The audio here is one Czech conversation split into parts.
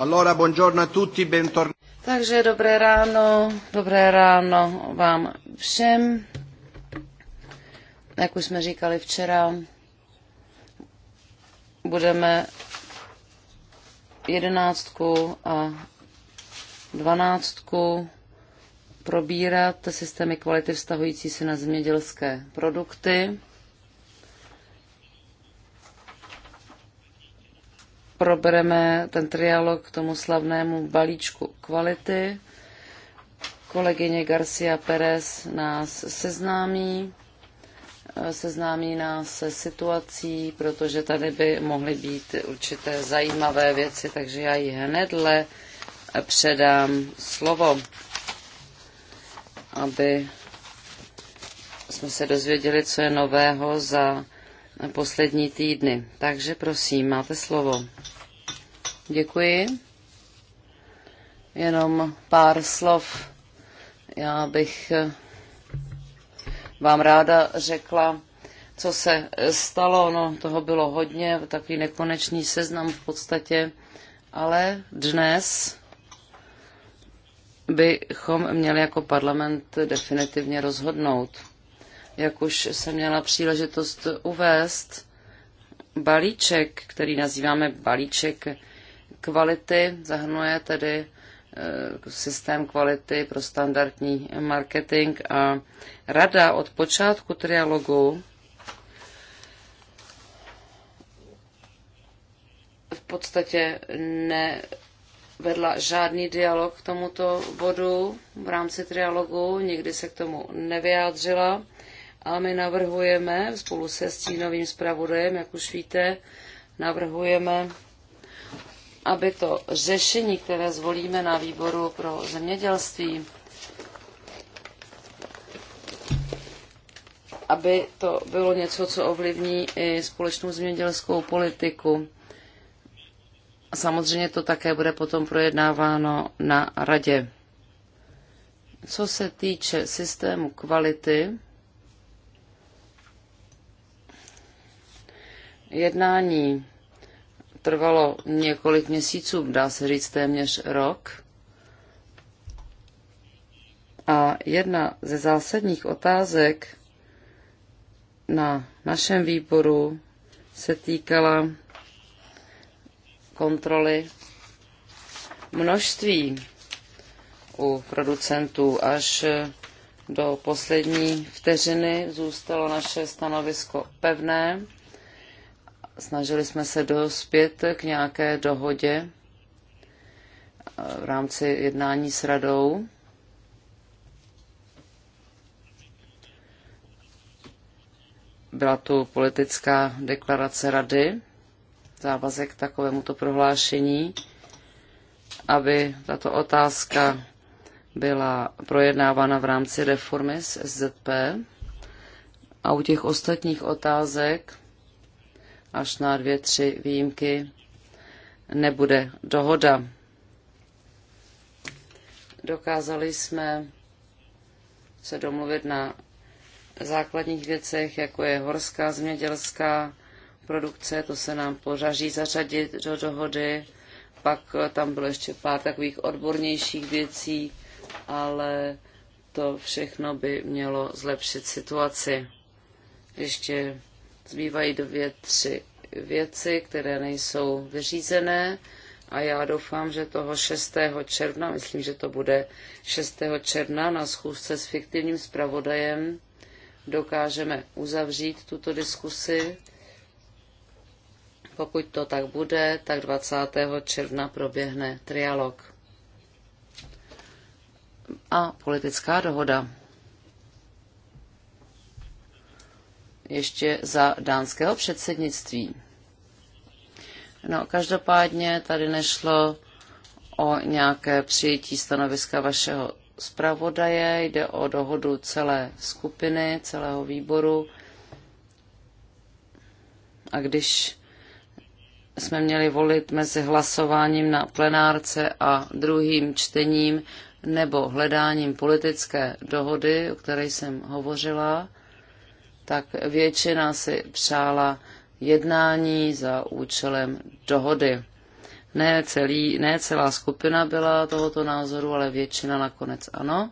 Allora, buongiorno a tutti, bentornati. Takže dobré ráno, dobré ráno vám všem. Jak už jsme říkali včera, budeme jedenáctku a dvanáctku probírat systémy kvality vztahující se na zemědělské produkty. probereme ten trialog k tomu slavnému balíčku kvality. Kolegyně Garcia Perez nás seznámí, eh, seznámí nás se situací, protože tady by mohly být určité zajímavé věci, takže já ji hnedle předám slovo, aby jsme se dozvěděli, co je nového za poslední týdny. Takže prosím, máte slovo. Děkuji. Jenom pár slov. Já bych eh, vám ráda řekla, co se eh, stalo. No, toho bylo hodně, takový nekonečný seznam v podstatě. Ale dnes bychom měli jako parlament definitivně rozhodnout jak už jsem měla příležitost uvést, balíček, který nazýváme balíček kvality, zahrnuje tedy eh, systém kvality pro standardní marketing a rada od počátku trialogu v podstatě nevedla žádný dialog k tomuto bodu v rámci trialogu, nikdy se k tomu nevyjádřila a my navrhujeme spolu se stínovým zpravodajem, jak už víte, navrhujeme, aby to řešení, které zvolíme na výboru pro zemědělství, aby to bylo něco, co ovlivní i společnou zemědělskou politiku. Samozřejmě to také bude potom projednáváno na radě. Co se týče systému kvality, jednání trvalo několik měsíců, dá se říct téměř rok. A jedna ze zásadních otázek na našem výboru se týkala kontroly množství u producentů. Až do poslední vteřiny zůstalo naše stanovisko pevné snažili jsme se dospět k nějaké dohodě eh, v rámci jednání s radou. Byla tu politická deklarace rady, závazek takovémuto prohlášení, aby tato otázka byla projednávána v rámci reformy s SZP. A u těch ostatních otázek až na dvě, tři výjimky nebude dohoda. Dokázali jsme se domluvit na základních věcech, jako je horská zemědělská produkce, to se nám pořaží zařadit do dohody. Pak tam bylo ještě pár takových odbornějších věcí, ale to všechno by mělo zlepšit situaci. Ještě zbývají dvě, tři věci, které nejsou vyřízené a já doufám, že toho 6. června, myslím, že to bude 6. června na schůzce s fiktivním zpravodajem, dokážeme uzavřít tuto diskusi. Pokud to tak bude, tak 20. června proběhne trialog a politická dohoda. ještě za dánského předsednictví. No, každopádně tady nešlo o nějaké přijetí stanoviska vašeho zpravodaje, jde o dohodu celé skupiny, celého výboru. A když jsme měli volit mezi hlasováním na plenárce a druhým čtením nebo hledáním politické dohody, o které jsem hovořila, tak většina si přála jednání za účelem dohody. Ne, celý, ne celá skupina byla tohoto názoru, ale většina nakonec ano.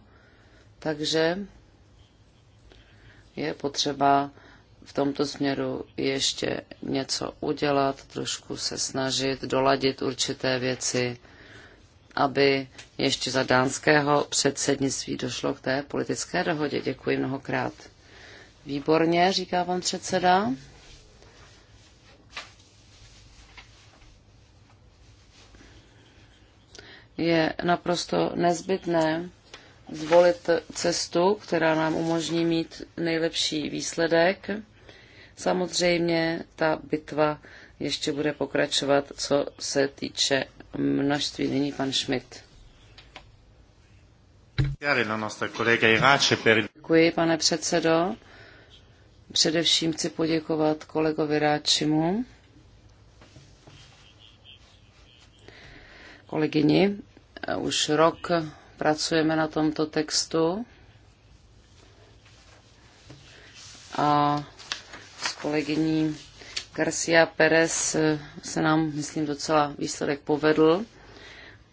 Takže je potřeba v tomto směru ještě něco udělat, trošku se snažit doladit určité věci, aby ještě za dánského předsednictví došlo k té politické dohodě. Děkuji mnohokrát. Výborně, říká pan předseda. Je naprosto nezbytné zvolit cestu, která nám umožní mít nejlepší výsledek. Samozřejmě ta bitva ještě bude pokračovat, co se týče množství. Nyní pan Schmidt. Děkuji, pane předsedo. Především chci poděkovat kolegovi Ráčimu, kolegyni. Už rok pracujeme na tomto textu a s kolegyní Garcia Perez se nám, myslím, docela výsledek povedl.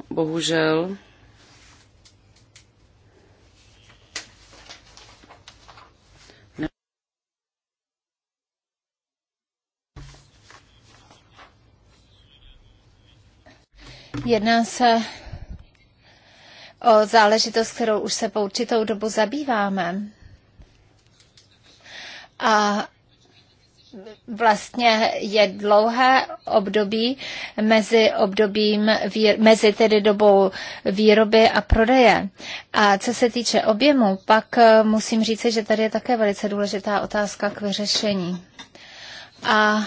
Bohužel Jedná se o záležitost, kterou už se po určitou dobu zabýváme. A vlastně je dlouhé období mezi obdobím, mezi tedy dobou výroby a prodeje. A co se týče objemu, pak eh, musím říct, že tady je také velice důležitá otázka k vyřešení. A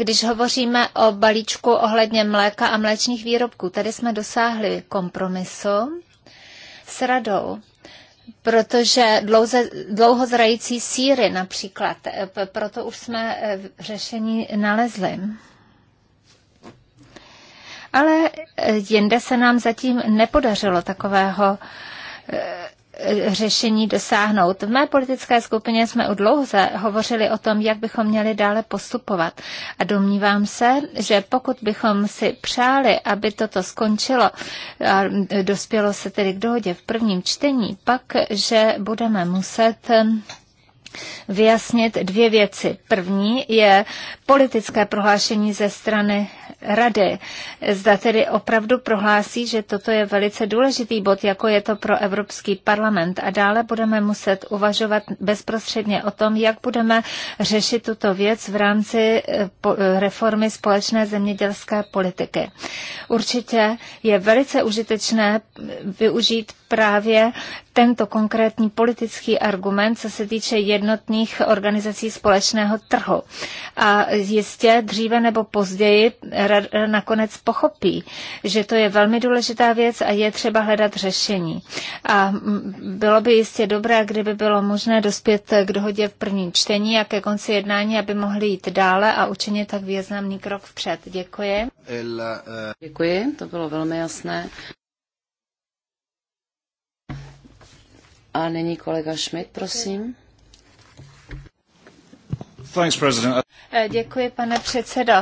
když hovoříme o balíčku ohledně mléka a mléčných výrobků. Tady jsme dosáhli kompromisu s radou protože dlouze, dlouho zrající síry například, eh, proto už jsme eh, řešení nalezli. Ale eh, jinde se nám zatím nepodařilo takového řešení dosáhnout. V mé politické skupině jsme u dlouze hovořili o tom, jak bychom měli dále postupovat. A domnívám se, že pokud bychom si přáli, aby toto skončilo a dospělo se tedy k dohodě v prvním čtení, pak, že budeme muset vyjasnit dvě věci. První je politické prohlášení ze strany rady. Zda tedy opravdu prohlásí, že toto je velice důležitý bod, jako je to pro Evropský parlament. A dále budeme muset uvažovat bezprostředně o tom, jak budeme řešit tuto věc v rámci eh, eh, reformy společné zemědělské politiky. Určitě je velice užitečné eh, využít právě tento konkrétní politický argument, co se týče jednotných organizací společného trhu. A jistě dříve nebo později nakonec pochopí, že to je velmi důležitá věc a je třeba hledat řešení. A bylo by jistě dobré, kdyby bylo možné dospět k dohodě v prvním čtení a ke konci jednání, aby mohli jít dále a učinit tak významný krok vpřed. Děkuji. Eh. Děkuji, to bylo velmi jasné. A nyní kolega Schmidt, prosím. Eh, děkuji, pane předsedo.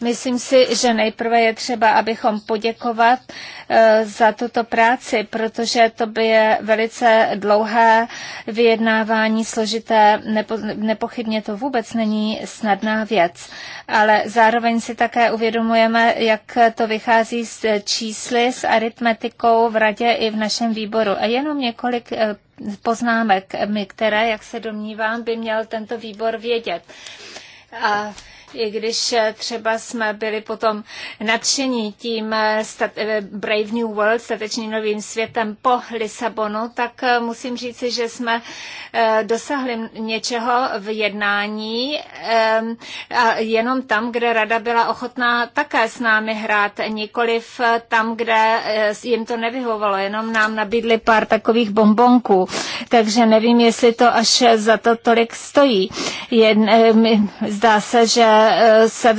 Myslím si, že nejprve je třeba, abychom poděkovat eh, za tuto práci, protože to by je velice dlouhé vyjednávání, složité, nepo, nepochybně to vůbec není snadná věc. Ale zároveň si také uvědomujeme, jak to vychází z čísly, s aritmetikou v radě i v našem výboru. A jenom několik eh, poznámek, které, jak se domnívám, by měl tento výbor vědět. A i když eh, třeba jsme byli potom nadšení tím eh, eh, Brave New World, statečným novým světem po Lisabonu, tak musím říci, že jsme dosahli něčeho v jednání ehm, a jenom tam, kde rada byla ochotná také s námi hrát, nikoliv tam, kde jim to nevyhovovalo, jenom nám nabídli pár takových bombonků, takže nevím, jestli to až za to tolik stojí. Jedn, zdá se, že Eh, se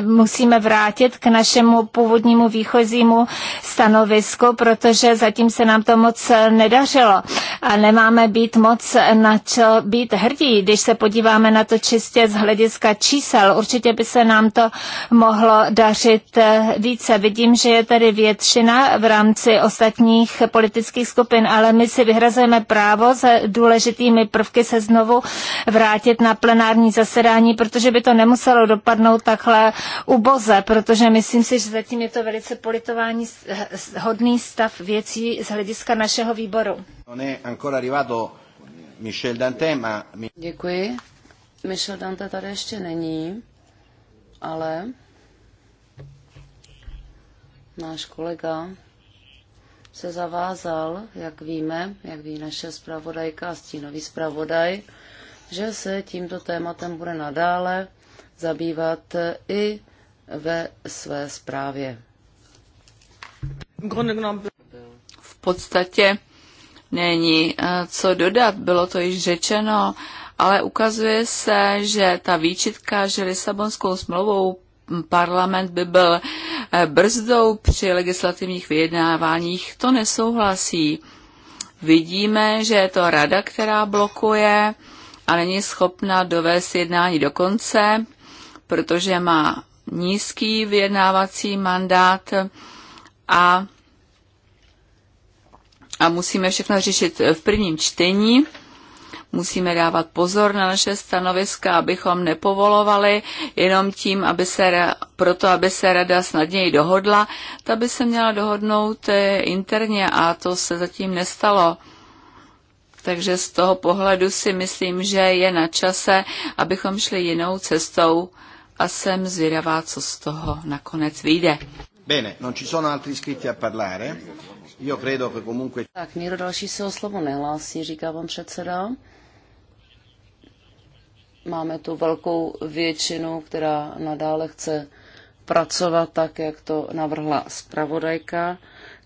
musíme vrátit k našemu původnímu výchozímu stanovisku, protože zatím se nám to moc nedařilo a nemáme být moc na čo být hrdí, když se podíváme na to čistě z hlediska čísel. Určitě by se nám to mohlo dařit eh, více. Vidím, že je tady většina v rámci ostatních politických skupin, ale my si vyhrazujeme právo s důležitými prvky se znovu vrátit na plenární zasedání, protože by to nemuselo muselo dopadnout takhle uboze, protože myslím si, že zatím je to velice politování hodný stav věcí z hlediska našeho výboru. Děkuji. Michel Dante tady ještě není, ale náš kolega se zavázal, jak víme, jak ví naše zpravodajka a stínový zpravodaj, že se tímto tématem bude nadále zabývat i ve své zprávě. V podstatě není eh, co dodat, bylo to již řečeno, ale ukazuje se, že ta výčitka, že Lisabonskou smlouvou parlament by byl eh, brzdou při legislativních vyjednáváních, to nesouhlasí. Vidíme, že je to rada, která blokuje a není schopna dovést jednání do konce protože má nízký vyjednávací mandát a, a musíme všechno řešit v prvním čtení. Musíme dávat pozor na naše stanoviska, abychom nepovolovali jenom tím, aby se, proto aby se rada snadněji dohodla. Ta by se měla dohodnout eh, interně a to se zatím nestalo. Takže z toho pohledu si myslím, že je na čase, abychom šli jinou cestou a jsem zvědavá, co z toho nakonec vyjde. Bene, non ci sono altri iscritti a parlare. Io credo che comunque... Tak, někdo další se o slovo nehlásí, říká vám předseda. Máme tu velkou většinu, která nadále chce pracovat tak, jak to navrhla zpravodajka.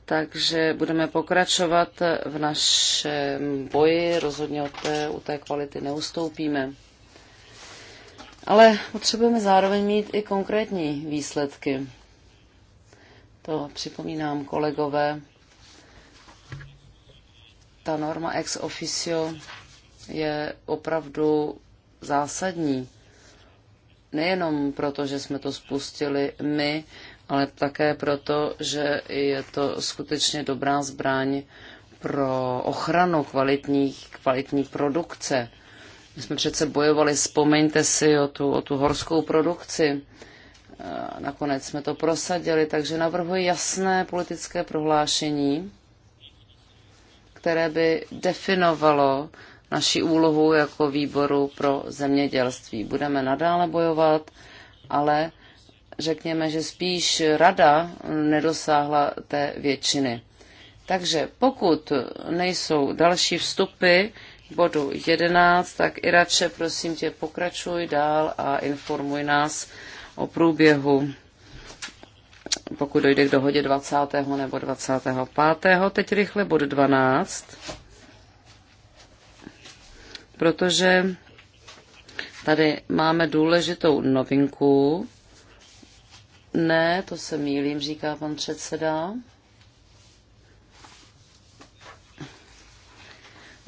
Takže budeme pokračovat v našem boji, rozhodně od té, u té kvality neustoupíme. Ale potřebujeme zároveň mít i konkrétní výsledky. To připomínám kolegové. Ta norma ex officio je opravdu zásadní. Nejenom proto, že jsme to spustili my, ale také proto, že je to skutečně dobrá zbraň pro ochranu kvalitních, kvalitní produkce. My jsme přece bojovali, vzpomeňte si o tu, o tu horskou produkci. Nakonec jsme to prosadili, takže navrhuji jasné politické prohlášení, které by definovalo naši úlohu jako výboru pro zemědělství. Budeme nadále bojovat, ale řekněme, že spíš rada nedosáhla té většiny. Takže pokud nejsou další vstupy, bodu 11, tak Irače, prosím tě, pokračuj dál a informuj nás o průběhu, pokud dojde k dohodě 20. nebo 25. Teď rychle bod 12, protože tady máme důležitou novinku. Ne, to se mýlím, říká pan předseda.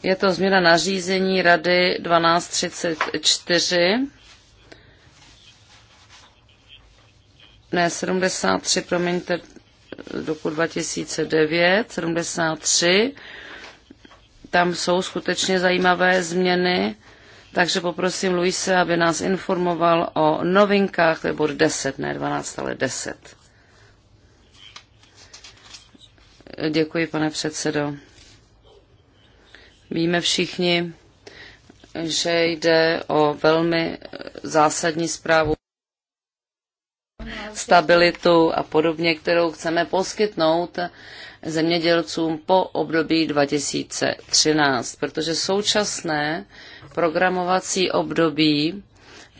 Je to změna nařízení Rady 1234, ne 73, promiňte, roku 2009, 73. Tam jsou skutečně zajímavé změny, takže poprosím Luise, aby nás informoval o novinkách, to je bod 10, ne 12, ale 10. Děkuji, pane předsedo. Víme všichni, že jde o velmi zásadní zprávu stabilitu a podobně, kterou chceme poskytnout zemědělcům po období 2013, protože současné programovací období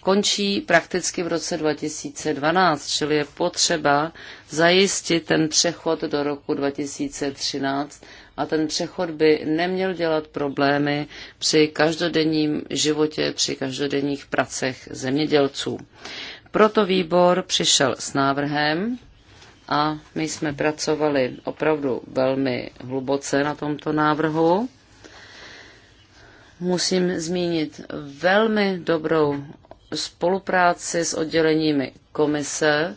končí prakticky v roce 2012, čili je potřeba zajistit ten přechod do roku 2013 a ten přechod by neměl dělat problémy při každodenním životě, při každodenních pracech zemědělců. Proto výbor přišel s návrhem a my jsme pracovali opravdu velmi hluboce na tomto návrhu. Musím zmínit velmi dobrou spolupráci s odděleními komise,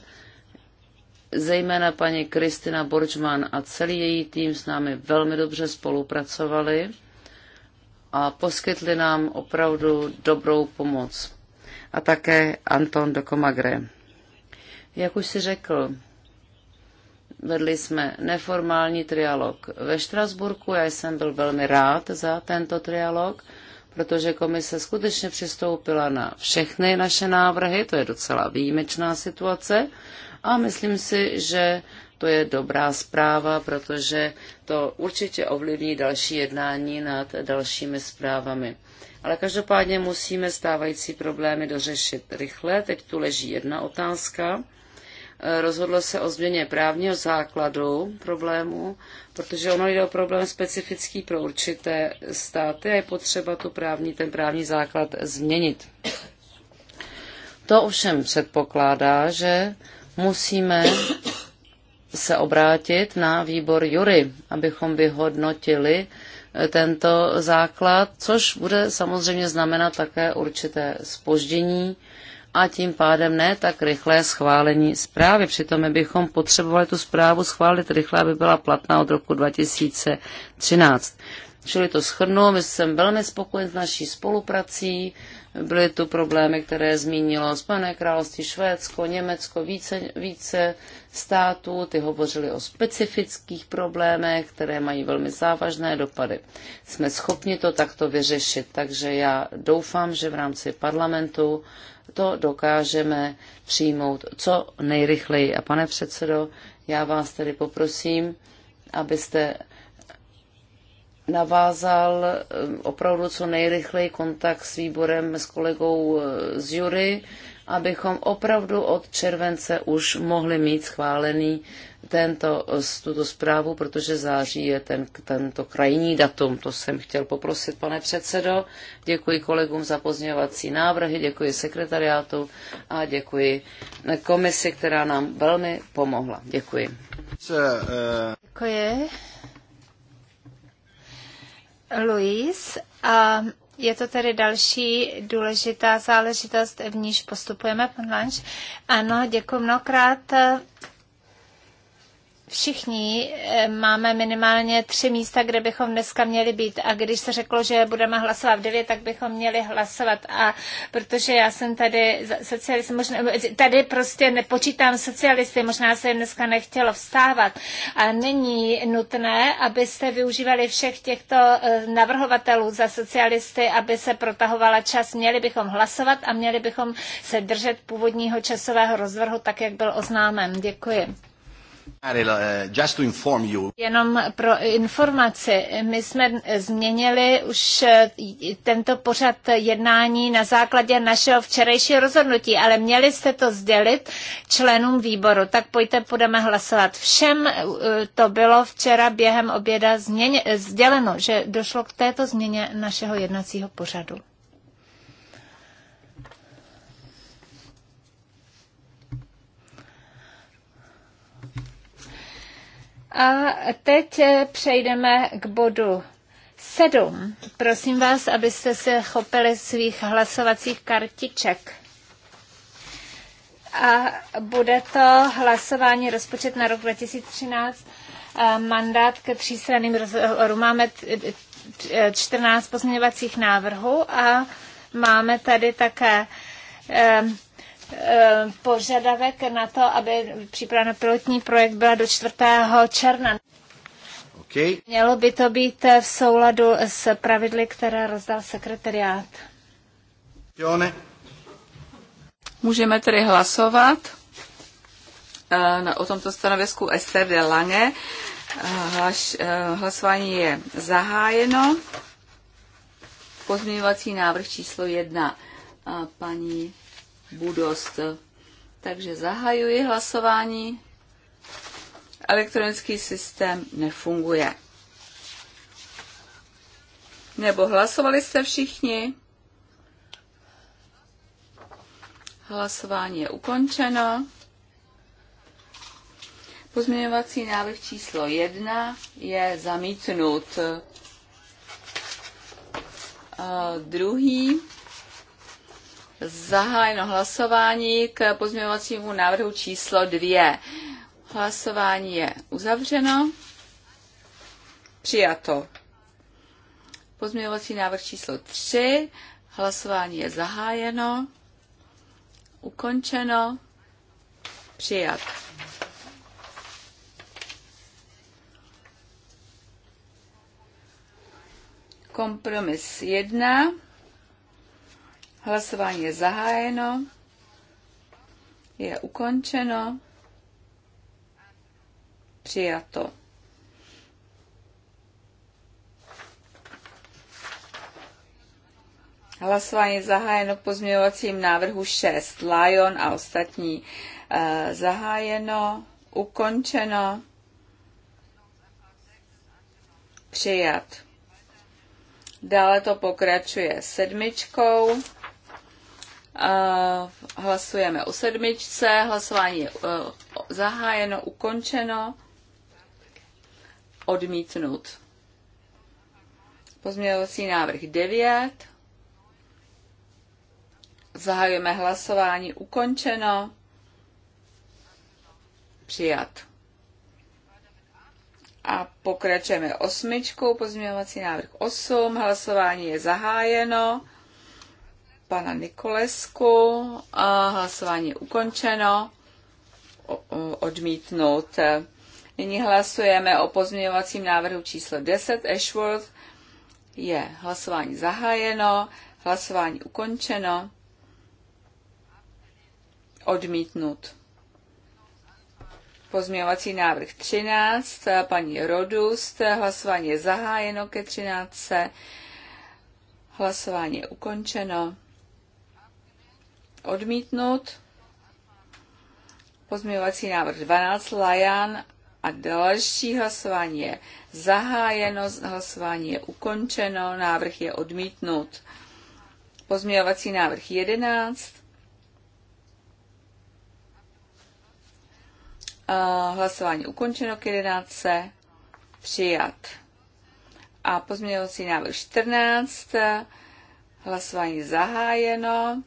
Zejména paní Kristina Borčman a celý její tým s námi velmi dobře spolupracovali a poskytli nám opravdu dobrou pomoc. A také Anton de Comagre. Jak už si řekl, vedli jsme neformální trialog ve Štrasburku. Já jsem byl velmi rád za tento trialog, protože komise skutečně přistoupila na všechny naše návrhy, to je docela výjimečná situace, a myslím si, že to je dobrá zpráva, protože to určitě ovlivní další jednání nad dalšími zprávami. Ale každopádně musíme stávající problémy dořešit rychle. Teď tu leží jedna otázka. Rozhodlo se o změně právního základu problému, protože ono jde o problém specifický pro určité státy a je potřeba tu právní, ten právní základ změnit. To ovšem předpokládá, že musíme se obrátit na výbor jury, abychom vyhodnotili eh, tento základ, což bude samozřejmě znamenat také určité spoždění a tím pádem ne tak rychlé schválení zprávy. Přitom bychom potřebovali tu zprávu schválit rychle, aby byla platná od roku 2013. Čili to schrnu, my jsem velmi spokojen s naší spoluprací. Byly tu problémy, které zmínilo Spojené království, Švédsko, Německo, více, více států. Ty hovořili o specifických problémech, které mají velmi závažné dopady. Jsme schopni to takto vyřešit, takže já doufám, že v rámci parlamentu to dokážeme přijmout co nejrychleji. A pane předsedo, já vás tedy poprosím, abyste navázal eh, opravdu co nejrychleji kontakt s výborem, s kolegou eh, z jury, abychom opravdu od července už mohli mít schválený tento, eh, tuto zprávu, protože září je ten, tento krajní datum. To jsem chtěl poprosit, pane předsedo. Děkuji kolegům za pozměňovací návrhy, děkuji sekretariátu a děkuji komisi, která nám velmi pomohla. Děkuji. Děkuji. Luis a je to tedy další důležitá záležitost, v níž postupujeme, pan Lanč. Ano, děkuji mnohokrát všichni eh, máme minimálně tři místa, kde bychom dneska měli být. A když se řeklo, že budeme hlasovat v 9, tak bychom měli hlasovat. A protože já jsem tady socialist, možná, tady prostě nepočítám socialisty, možná se jim dneska nechtělo vstávat. A není nutné, abyste využívali všech těchto eh, navrhovatelů za socialisty, aby se protahovala čas. Měli bychom hlasovat a měli bychom se držet původního časového rozvrhu, tak jak byl oznámen. Děkuji. Eh, Jenom pro informaci, my jsme změnili už eh, tento pořad jednání na základě našeho včerejšího rozhodnutí, ale měli jste to sdělit členům výboru, tak pojďte, budeme hlasovat. Všem eh, to bylo včera během oběda změně, sděleno, že došlo k této změně našeho jednacího pořadu. A teď eh, přejdeme k bodu 7. Prosím vás, abyste se chopili svých hlasovacích kartiček. A bude to hlasování rozpočet na rok 2013, eh, mandát ke třístranným rozhovorům. Máme 14 eh, pozměňovacích návrhů a máme tady také Eh, požadavek na to, aby příprava na pilotní projekt byla do 4. června. Okay. Mělo by to být v souladu s pravidly, které rozdal sekretariát. ne. Můžeme tedy hlasovat eh, o tomto stanovisku Esther de Lange. Eh, Hlaš, hlasování je zahájeno. Pozměňovací návrh číslo jedna. Paní Budost. Takže zahajuji hlasování. Elektronický systém nefunguje. Nebo hlasovali jste všichni? Hlasování je ukončeno. Pozměňovací návrh číslo 1 je zamítnut. A druhý zahájeno hlasování k pozměňovacímu návrhu číslo 2. Hlasování je uzavřeno. Přijato. Pozměňovací návrh číslo 3. Hlasování je zahájeno. Ukončeno. Přijat. Kompromis 1. Hlasování je zahájeno, je ukončeno, přijato. Hlasování je zahájeno k pozměňovacím návrhu 6. Lion a ostatní eh, zahájeno, ukončeno, přijat. Dále to pokračuje sedmičkou. Eh, hlasujeme o sedmičce, hlasování je eh, zahájeno, ukončeno, odmítnut. Pozměňovací návrh 9. Zahajujeme hlasování, ukončeno, přijat. A pokračujeme osmičkou, pozměňovací návrh 8, hlasování je zahájeno, pana Nikolesku. A hlasování je ukončeno. O, o, odmítnout. Nyní hlasujeme o pozměňovacím návrhu číslo 10 Ashworth. Je hlasování zahájeno, hlasování ukončeno, odmítnut. Pozměňovací návrh 13, paní Rodust, hlasování je zahájeno ke 13, hlasování je ukončeno, odmítnut. Pozměňovací návrh 12 Lajan a další hlasování je zahájeno, hlasování je ukončeno, návrh je odmítnut. Pozměňovací návrh 11. Hlasování ukončeno k 11. Přijat. A pozměňovací návrh 14. Hlasování zahájeno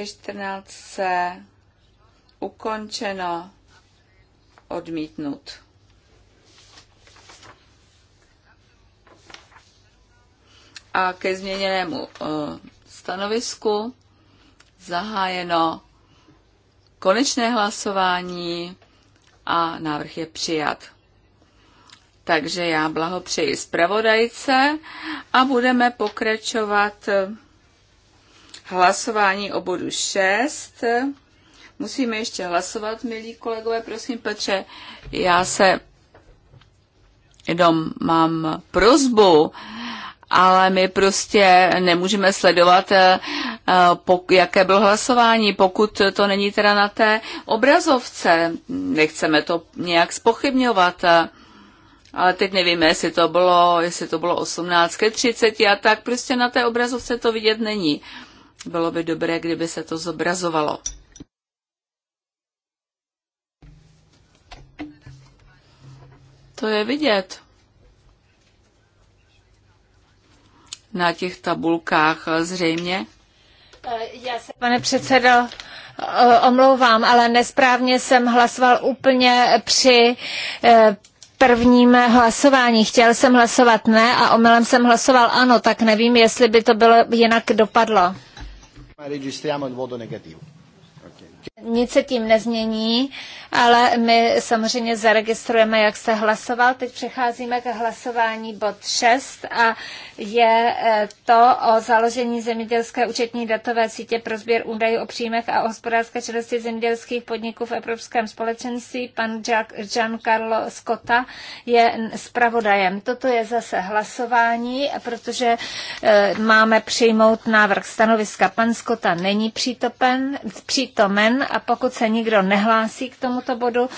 ke 14. Ukončeno. Odmítnut. A ke změněnému eh, stanovisku zahájeno konečné hlasování a návrh je přijat. Takže já blahopřeji zpravodajce a budeme pokračovat hlasování o bodu 6. Musíme ještě hlasovat, milí kolegové, prosím, protože já se jenom mám prozbu, ale my prostě nemůžeme sledovat, eh, jaké bylo hlasování, pokud to není teda na té obrazovce. Nechceme to nějak spochybňovat. Eh, ale teď nevíme, jestli to bylo, jestli to bylo 18 30 a tak prostě na té obrazovce to vidět není. Bylo by dobré, kdyby se to zobrazovalo. To je vidět. Na těch tabulkách zřejmě. Já se, pane předsedo, omlouvám, ale nesprávně jsem hlasoval úplně při e, prvním hlasování. Chtěl jsem hlasovat ne a omylem jsem hlasoval ano, tak nevím, jestli by to bylo jinak dopadlo. Registriamo il voto negativo. Nic se tím nezmění, ale my samozřejmě zaregistrujeme, jak se hlasoval. Teď přecházíme k hlasování bod 6 a je eh, to o založení zemědělské účetní datové sítě pro sběr údajů o příjmech a o hospodářské činnosti zemědělských podniků v Evropském společenství. Pan Giancarlo Scotta je zpravodajem. Toto je zase hlasování, protože eh, máme přijmout návrh stanoviska. Pan Scotta není přítopen, přítomen a pokud se nikdo nehlásí k tomuto bodu,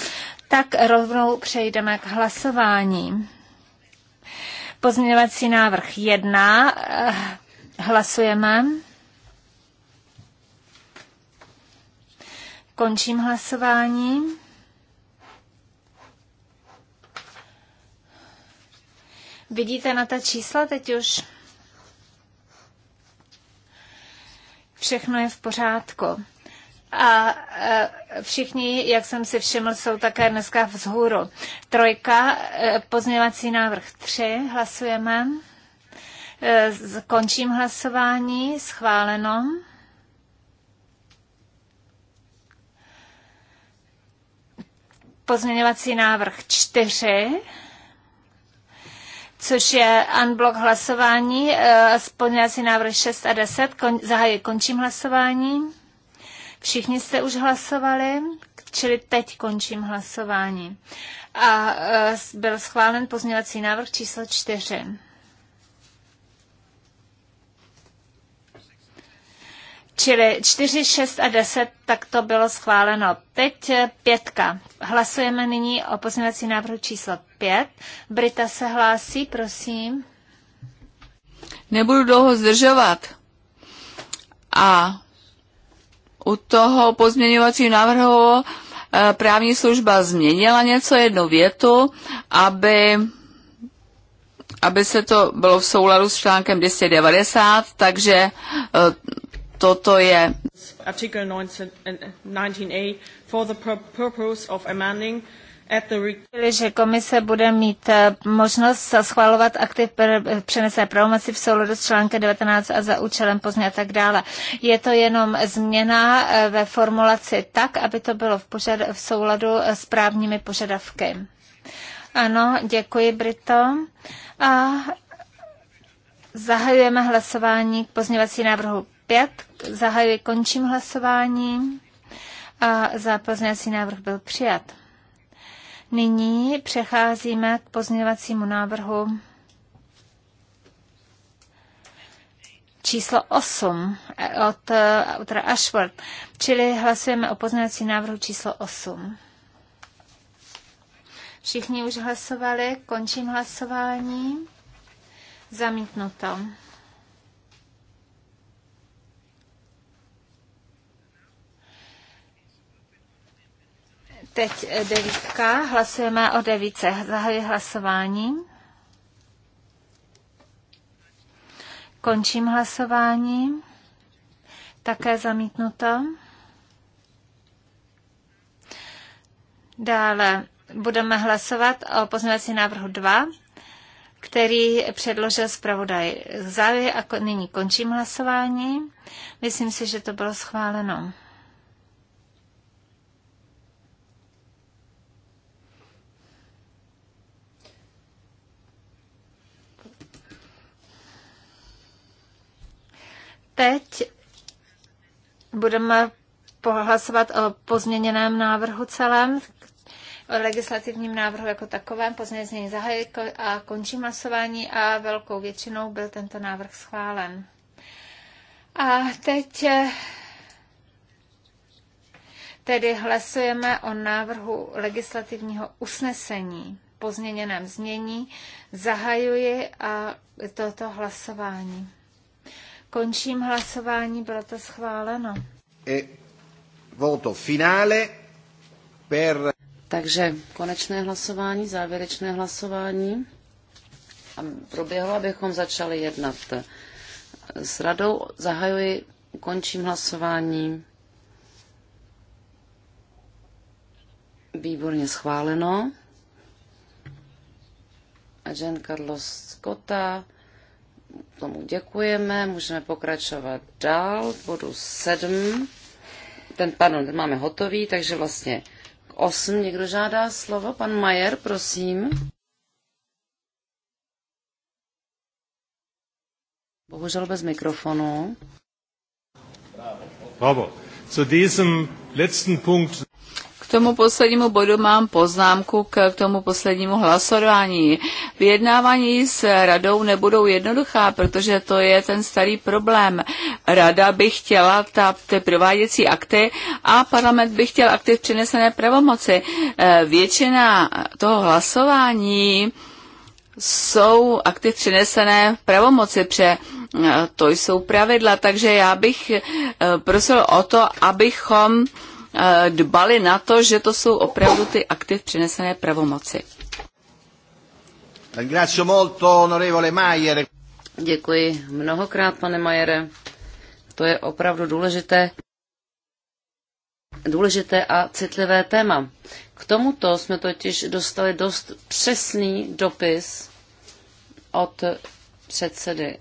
tak rovnou přejdeme k hlasování. Pozměňovací návrh 1. Eh, hlasujeme. Končím hlasování. Vidíte na ta čísla teď už? Všechno je v pořádku a e, všichni, jak jsem si všiml, jsou také dneska vzhůru. Trojka, e, pozměvací návrh tři. hlasujeme. E, končím hlasování, schváleno. Pozměňovací návrh 4, což je unblock hlasování, pozměňovací návrh 6 a 10, kon, zahajuji, končím hlasování. Všichni jste už hlasovali, čili teď končím hlasování. A e, byl schválen pozměňovací návrh číslo 4. Čili 4, 6 a 10, tak to bylo schváleno. Teď e, pětka. Hlasujeme nyní o pozměňovací návrhu číslo 5. Brita se hlásí, prosím. Nebudu dlouho zdržovat. A u toho pozměňovacího návrhu eh, právní služba změnila něco, jednu větu, aby, aby se to bylo v souladu s článkem 290, takže eh, toto je. Article 19a eh, for the purpose of amending že komise bude mít eh, možnost schvalovat aktiv přenesené pravomoci v souladu s článkem 19 a za účelem pozně a tak dále. Je to jenom změna eh, ve formulaci tak, aby to bylo v, požad- v souladu eh, s právními požadavky. Ano, děkuji, Brito. A zahajujeme hlasování k pozměvací návrhu 5. Zahajuji, končím hlasování. A za pozměvací návrh byl přijat. Nyní přecházíme k pozměňovacímu návrhu číslo 8 eh, od autora eh, Ashworth, čili hlasujeme o pozměňovací návrhu číslo 8. Všichni už hlasovali, končím hlasování. Zamítnuto. Teď devítka, hlasujeme o devíce. Zahajuji hlasování. Končím hlasování. Také zamítnuto. Dále budeme hlasovat o pozměňovací návrhu 2, který předložil zpravodaj Zavy a nyní končím hlasování. Myslím si, že to bylo schváleno. Teď budeme pohlasovat o pozměněném návrhu celém, o legislativním návrhu jako takovém, pozměnění zahají a končí hlasování a velkou většinou byl tento návrh schválen. A teď eh, tedy hlasujeme o návrhu legislativního usnesení pozměněném znění. Zahajuji a toto hlasování. Končím hlasování, bylo to schváleno. E voto finale per... Takže konečné hlasování, závěrečné hlasování proběhlo, abychom začali jednat s radou. Zahajuji, končím hlasování. Výborně schváleno. A Jean Carlos Scotta tomu děkujeme. Můžeme pokračovat dál. Bodu 7. Ten, pardon, ten máme hotový, takže vlastně k 8 někdo žádá slovo. Pan Majer, prosím. Bohužel bez mikrofonu. Bravo. Zu diesem letzten Punkt tomu poslednímu bodu mám poznámku k, k tomu poslednímu hlasování. Vyjednávání s radou nebudou jednoduchá, protože to je ten starý problém. Rada by chtěla ta, ty prováděcí akty a parlament by chtěl akty v přenesené pravomoci. E, většina toho hlasování jsou akty přenesené pravomoci, pře e, to jsou pravidla, takže já bych e, prosil o to, abychom Eh, dbali na to, že to jsou opravdu ty aktiv přinesené pravomoci. Děkuji mnohokrát, pane Majere. To je opravdu důležité, důležité a citlivé téma. K tomuto jsme totiž dostali dost přesný dopis od předsedy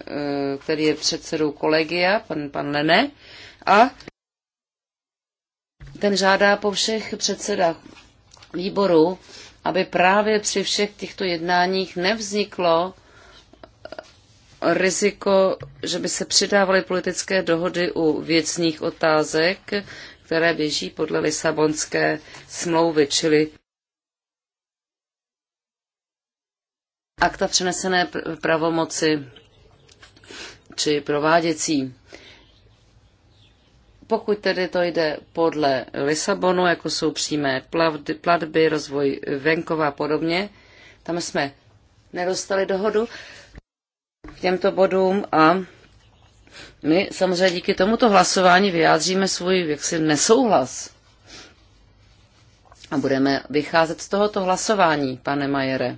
Eh, který je předsedou kolegia, pan, pan Lene, a ten žádá po všech předsedách výboru, aby právě při všech těchto jednáních nevzniklo eh, riziko, že by se přidávaly politické dohody u věcných otázek, které běží podle Lisabonské smlouvy, čili akta přenesené pravomoci či prováděcí. Pokud tedy to jde podle Lisabonu, jako jsou přímé platby, rozvoj venkova a podobně, tam jsme nedostali dohodu k těmto bodům a my samozřejmě díky tomuto hlasování vyjádříme svůj jaksi nesouhlas. A budeme vycházet z tohoto hlasování, pane Majere.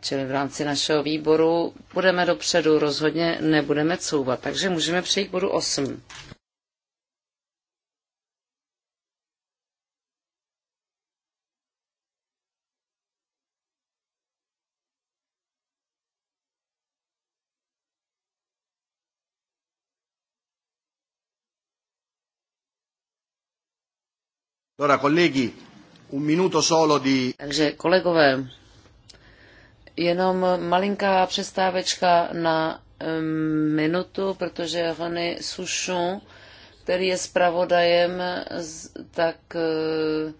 Čili v rámci našeho výboru budeme dopředu, rozhodně nebudeme couvat. Takže můžeme přejít k bodu 8. Allora, colleghi, un minuto solo di... Takže kolegové, Jenom malinká přestávečka na minutu, protože René Souchon, který je zpravodajem, tak eh,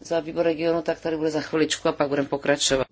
za výbor regionu, tak tady bude za chviličku a pak budeme pokračovat.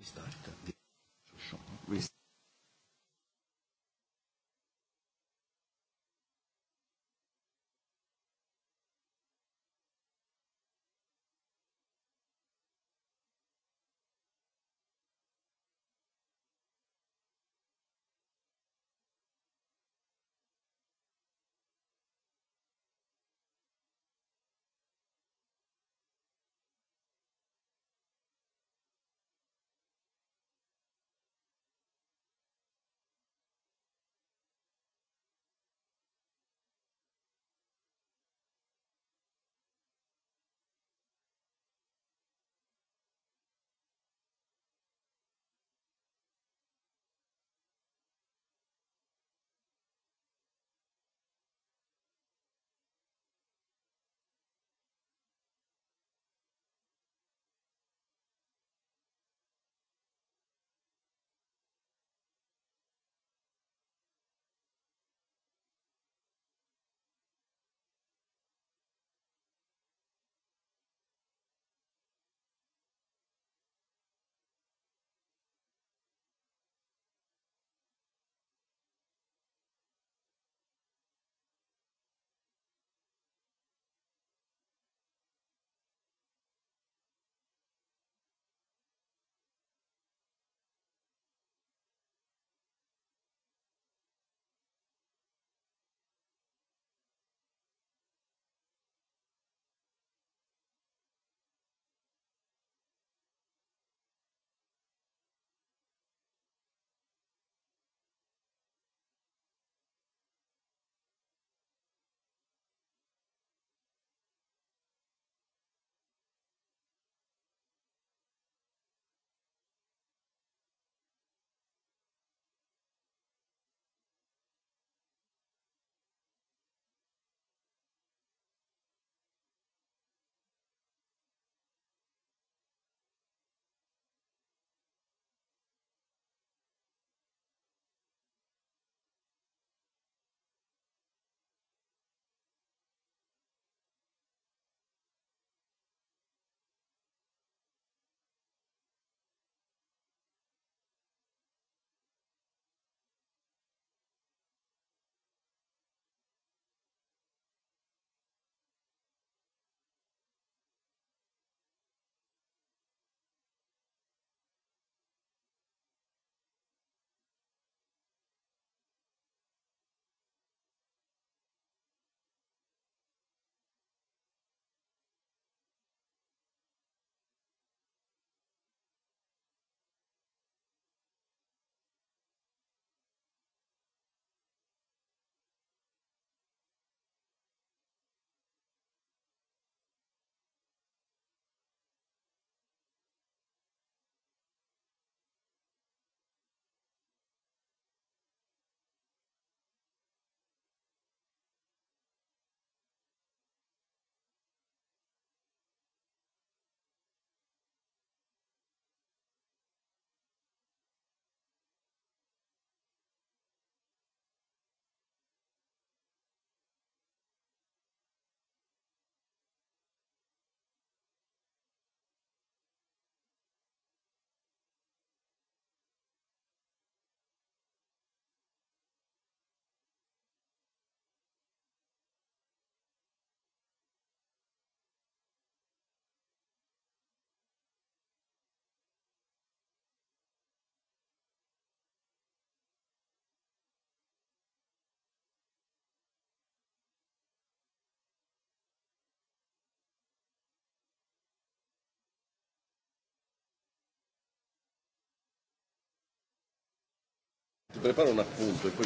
E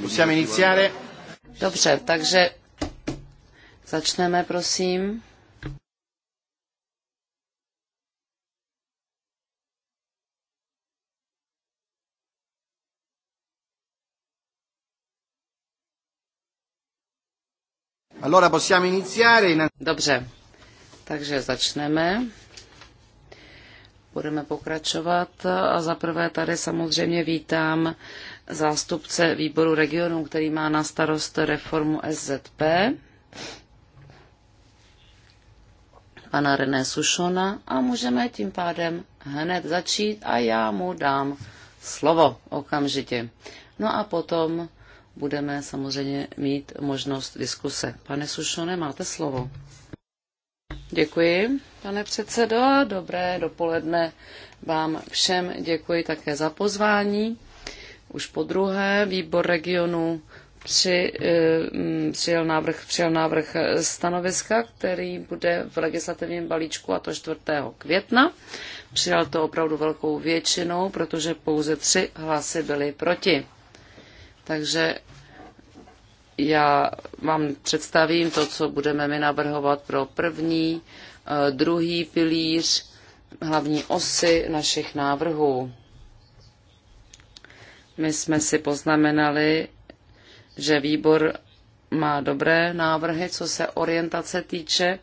possiamo iniziare? Dobře, takže začneme, prosím. Allora possiamo iniziare. Dobře, takže začneme budeme pokračovat. A zaprvé tady samozřejmě vítám zástupce výboru regionu, který má na starost reformu SZP, pana René Sušona a můžeme tím pádem hned začít a já mu dám slovo okamžitě. No a potom budeme samozřejmě mít možnost diskuse. Pane Sušone, máte slovo. Děkuji, pane předsedo, a dobré dopoledne vám všem. Děkuji také za pozvání. Už po druhé výbor regionu při, eh, přijal, návrh, přijal návrh stanoviska, který bude v legislativním balíčku, a to 4. května. Přijal to opravdu velkou většinou, protože pouze tři hlasy byly proti. Takže já vám představím to, co budeme my navrhovat pro první, eh, druhý pilíř, hlavní osy našich návrhů. My jsme si poznamenali, že výbor má dobré návrhy, co se orientace týče,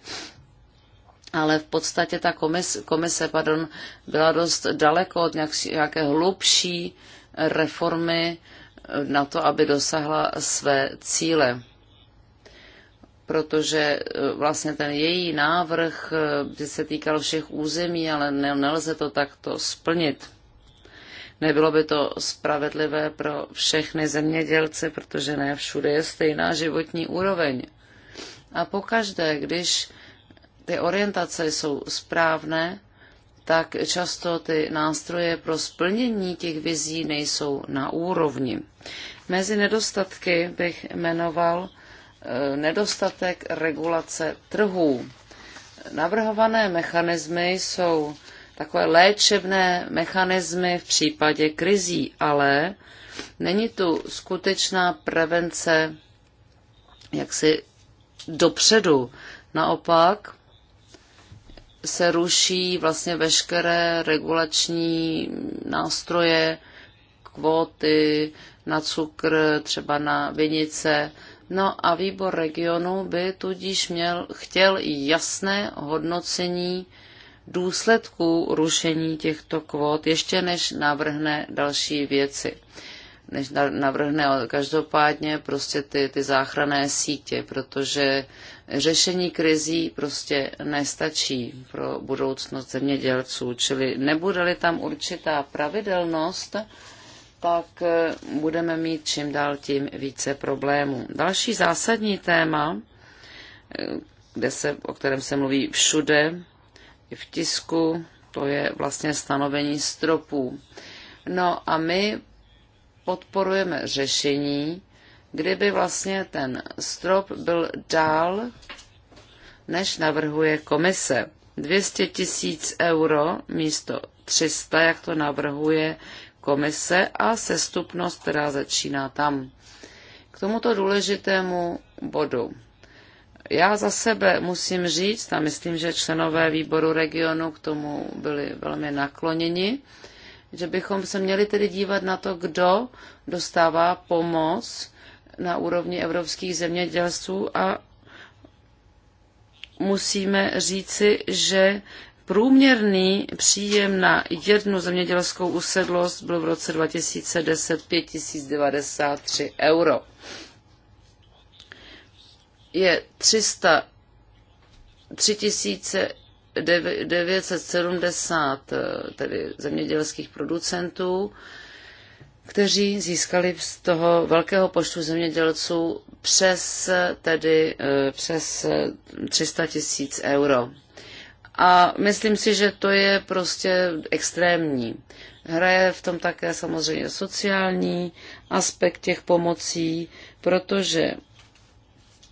ale v podstatě ta komise, komise pardon, byla dost daleko od nějaké hlubší reformy na to, aby dosahla své cíle. Protože e, vlastně ten její návrh e, by se týkal všech území, ale nelze to takto splnit. Nebylo by to spravedlivé pro všechny zemědělce, protože ne všude je stejná životní úroveň. A pokaždé, když ty orientace jsou správné, tak často ty nástroje pro splnění těch vizí nejsou na úrovni. Mezi nedostatky bych jmenoval e, nedostatek regulace trhů. Navrhované mechanismy jsou takové léčebné mechanismy v případě krizí, ale není tu skutečná prevence jaksi dopředu. Naopak se ruší vlastně veškeré regulační nástroje, kvóty na cukr, třeba na vinice. No a výbor regionu by tudíž měl, chtěl jasné hodnocení důsledků rušení těchto kvót, ještě než navrhne další věci. Než navrhne každopádně prostě ty, ty záchranné sítě, protože řešení krizí prostě nestačí pro budoucnost zemědělců. Čili nebude-li tam určitá pravidelnost, tak eh, budeme mít čím dál tím více problémů. Další zásadní téma, eh, kde se, o kterém se mluví všude v tisku, to je vlastně stanovení stropů. No a my podporujeme řešení, kdyby vlastně ten strop byl dál, než navrhuje komise. 200 tisíc euro místo 300, jak to navrhuje komise a sestupnost, která začíná tam. K tomuto důležitému bodu já za sebe musím říct, a myslím, že členové výboru regionu k tomu byli velmi nakloněni, že bychom se měli tedy dívat na to, kdo dostává pomoc na úrovni evropských zemědělců a musíme říci, že průměrný příjem na jednu zemědělskou usedlost byl v roce 2010 5093 euro je 300 3970 eh, tedy zemědělských producentů, kteří získali z toho velkého počtu zemědělců přes, tedy, eh, přes 300 eh, tisíc euro. A myslím si, že to je prostě extrémní. Hraje v tom také samozřejmě sociální aspekt těch pomocí, protože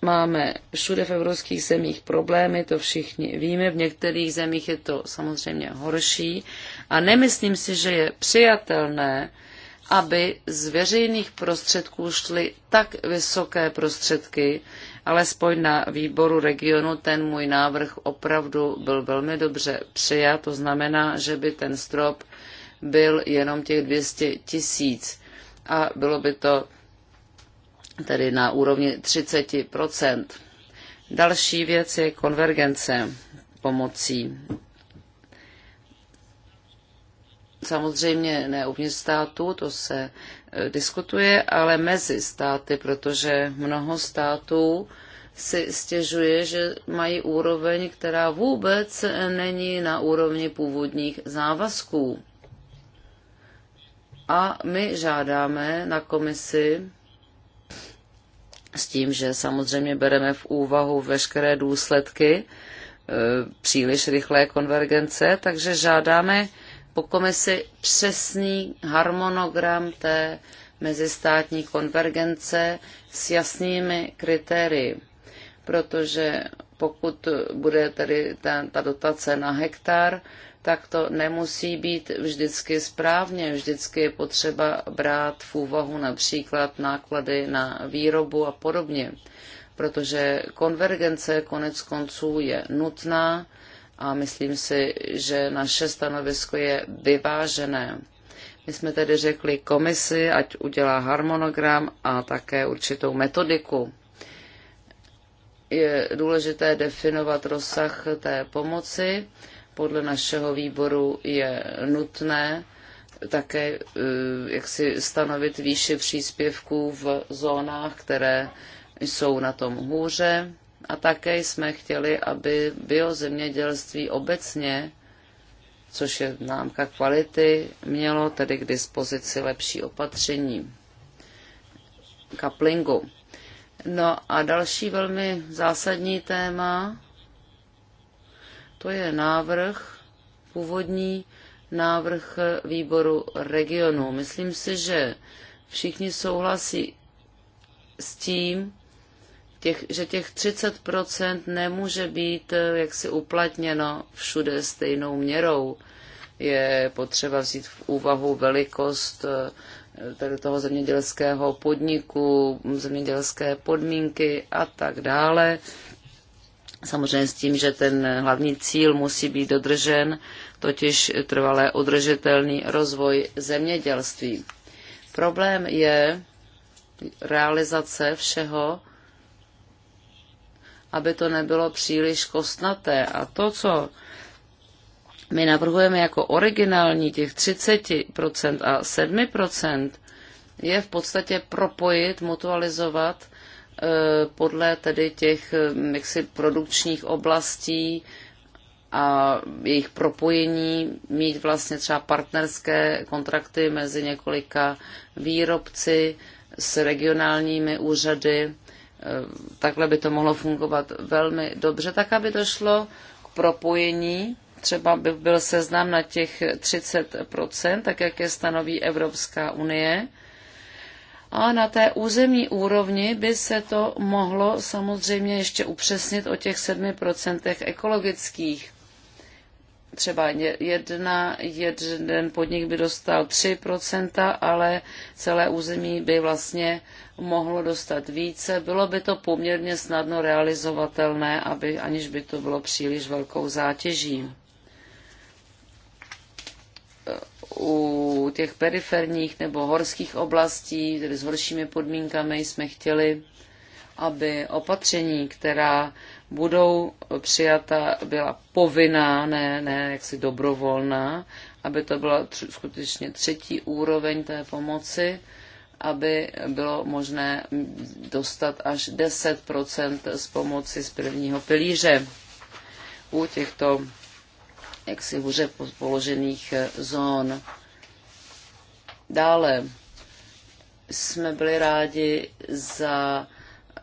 Máme všude v evropských zemích problémy, to všichni víme, v některých zemích je to samozřejmě horší a nemyslím si, že je přijatelné, aby z veřejných prostředků šly tak vysoké prostředky, alespoň na výboru regionu ten můj návrh opravdu byl velmi dobře přijat, to znamená, že by ten strop byl jenom těch 200 tisíc a bylo by to tedy na úrovni 30 Další věc je konvergence pomocí. Samozřejmě ne uvnitř států, to se e, diskutuje, ale mezi státy, protože mnoho států si stěžuje, že mají úroveň, která vůbec není na úrovni původních závazků. A my žádáme na komisi, s tím, že samozřejmě bereme v úvahu veškeré důsledky e, příliš rychlé konvergence, takže žádáme po komisi přesný harmonogram té mezistátní konvergence s jasnými kritérii, protože pokud bude tedy ta, ta dotace na hektar, tak to nemusí být vždycky správně. Vždycky je potřeba brát v úvahu například náklady na výrobu a podobně, protože konvergence konec konců je nutná a myslím si, že naše stanovisko je vyvážené. My jsme tedy řekli komisi, ať udělá harmonogram a také určitou metodiku. Je důležité definovat rozsah té pomoci podle našeho výboru je nutné také eh, jak si stanovit výši příspěvků v zónách, které jsou na tom hůře. A také jsme chtěli, aby biozemědělství obecně, což je známka kvality, mělo tedy k dispozici lepší opatření kaplingu. No a další velmi zásadní téma to je návrh, původní návrh výboru regionu. Myslím si, že všichni souhlasí s tím, těch, že těch 30% nemůže být eh, jaksi uplatněno všude stejnou měrou. Je potřeba vzít v úvahu velikost eh, tedy toho zemědělského podniku, zemědělské podmínky a tak dále. Samozřejmě s tím, že ten hlavní cíl musí být dodržen, totiž trvalé udržitelný rozvoj zemědělství. Problém je realizace všeho, aby to nebylo příliš kostnaté. A to, co my navrhujeme jako originální těch 30% a 7%, je v podstatě propojit, mutualizovat Eh, podle tedy těch mm, jaksi produkčních oblastí a jejich propojení, mít vlastně třeba partnerské kontrakty mezi několika výrobci s regionálními úřady. Eh, takhle by to mohlo fungovat velmi dobře, tak aby došlo k propojení. Třeba by byl seznam na těch 30%, tak jak je stanoví Evropská unie a na té územní úrovni by se to mohlo samozřejmě ještě upřesnit o těch 7% ekologických. Třeba jedna, jeden podnik by dostal 3%, ale celé území by vlastně mohlo dostat více. Bylo by to poměrně snadno realizovatelné, aby, aniž by to bylo příliš velkou zátěží. u těch periferních nebo horských oblastí, tedy s horšími podmínkami, jsme chtěli, aby opatření, která budou přijata, byla povinná, ne, ne jaksi dobrovolná, aby to byla tři, skutečně třetí úroveň té pomoci, aby bylo možné dostat až 10 z pomoci z prvního pilíře u těchto jaksi hůře položených eh, zón. Dále jsme byli rádi za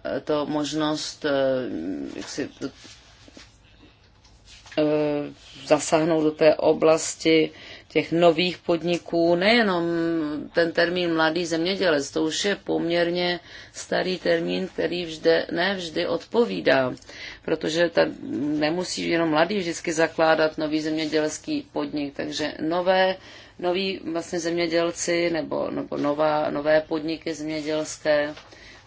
eh, to možnost eh, jaksi, zasáhnout do té oblasti těch nových podniků, nejenom ten termín mladý zemědělec, to už je poměrně starý termín, který vždy, ne vždy odpovídá protože ta nemusí jenom mladý vždycky zakládat nový zemědělský podnik, takže nové, noví vlastně zemědělci nebo, nebo nová, nové podniky zemědělské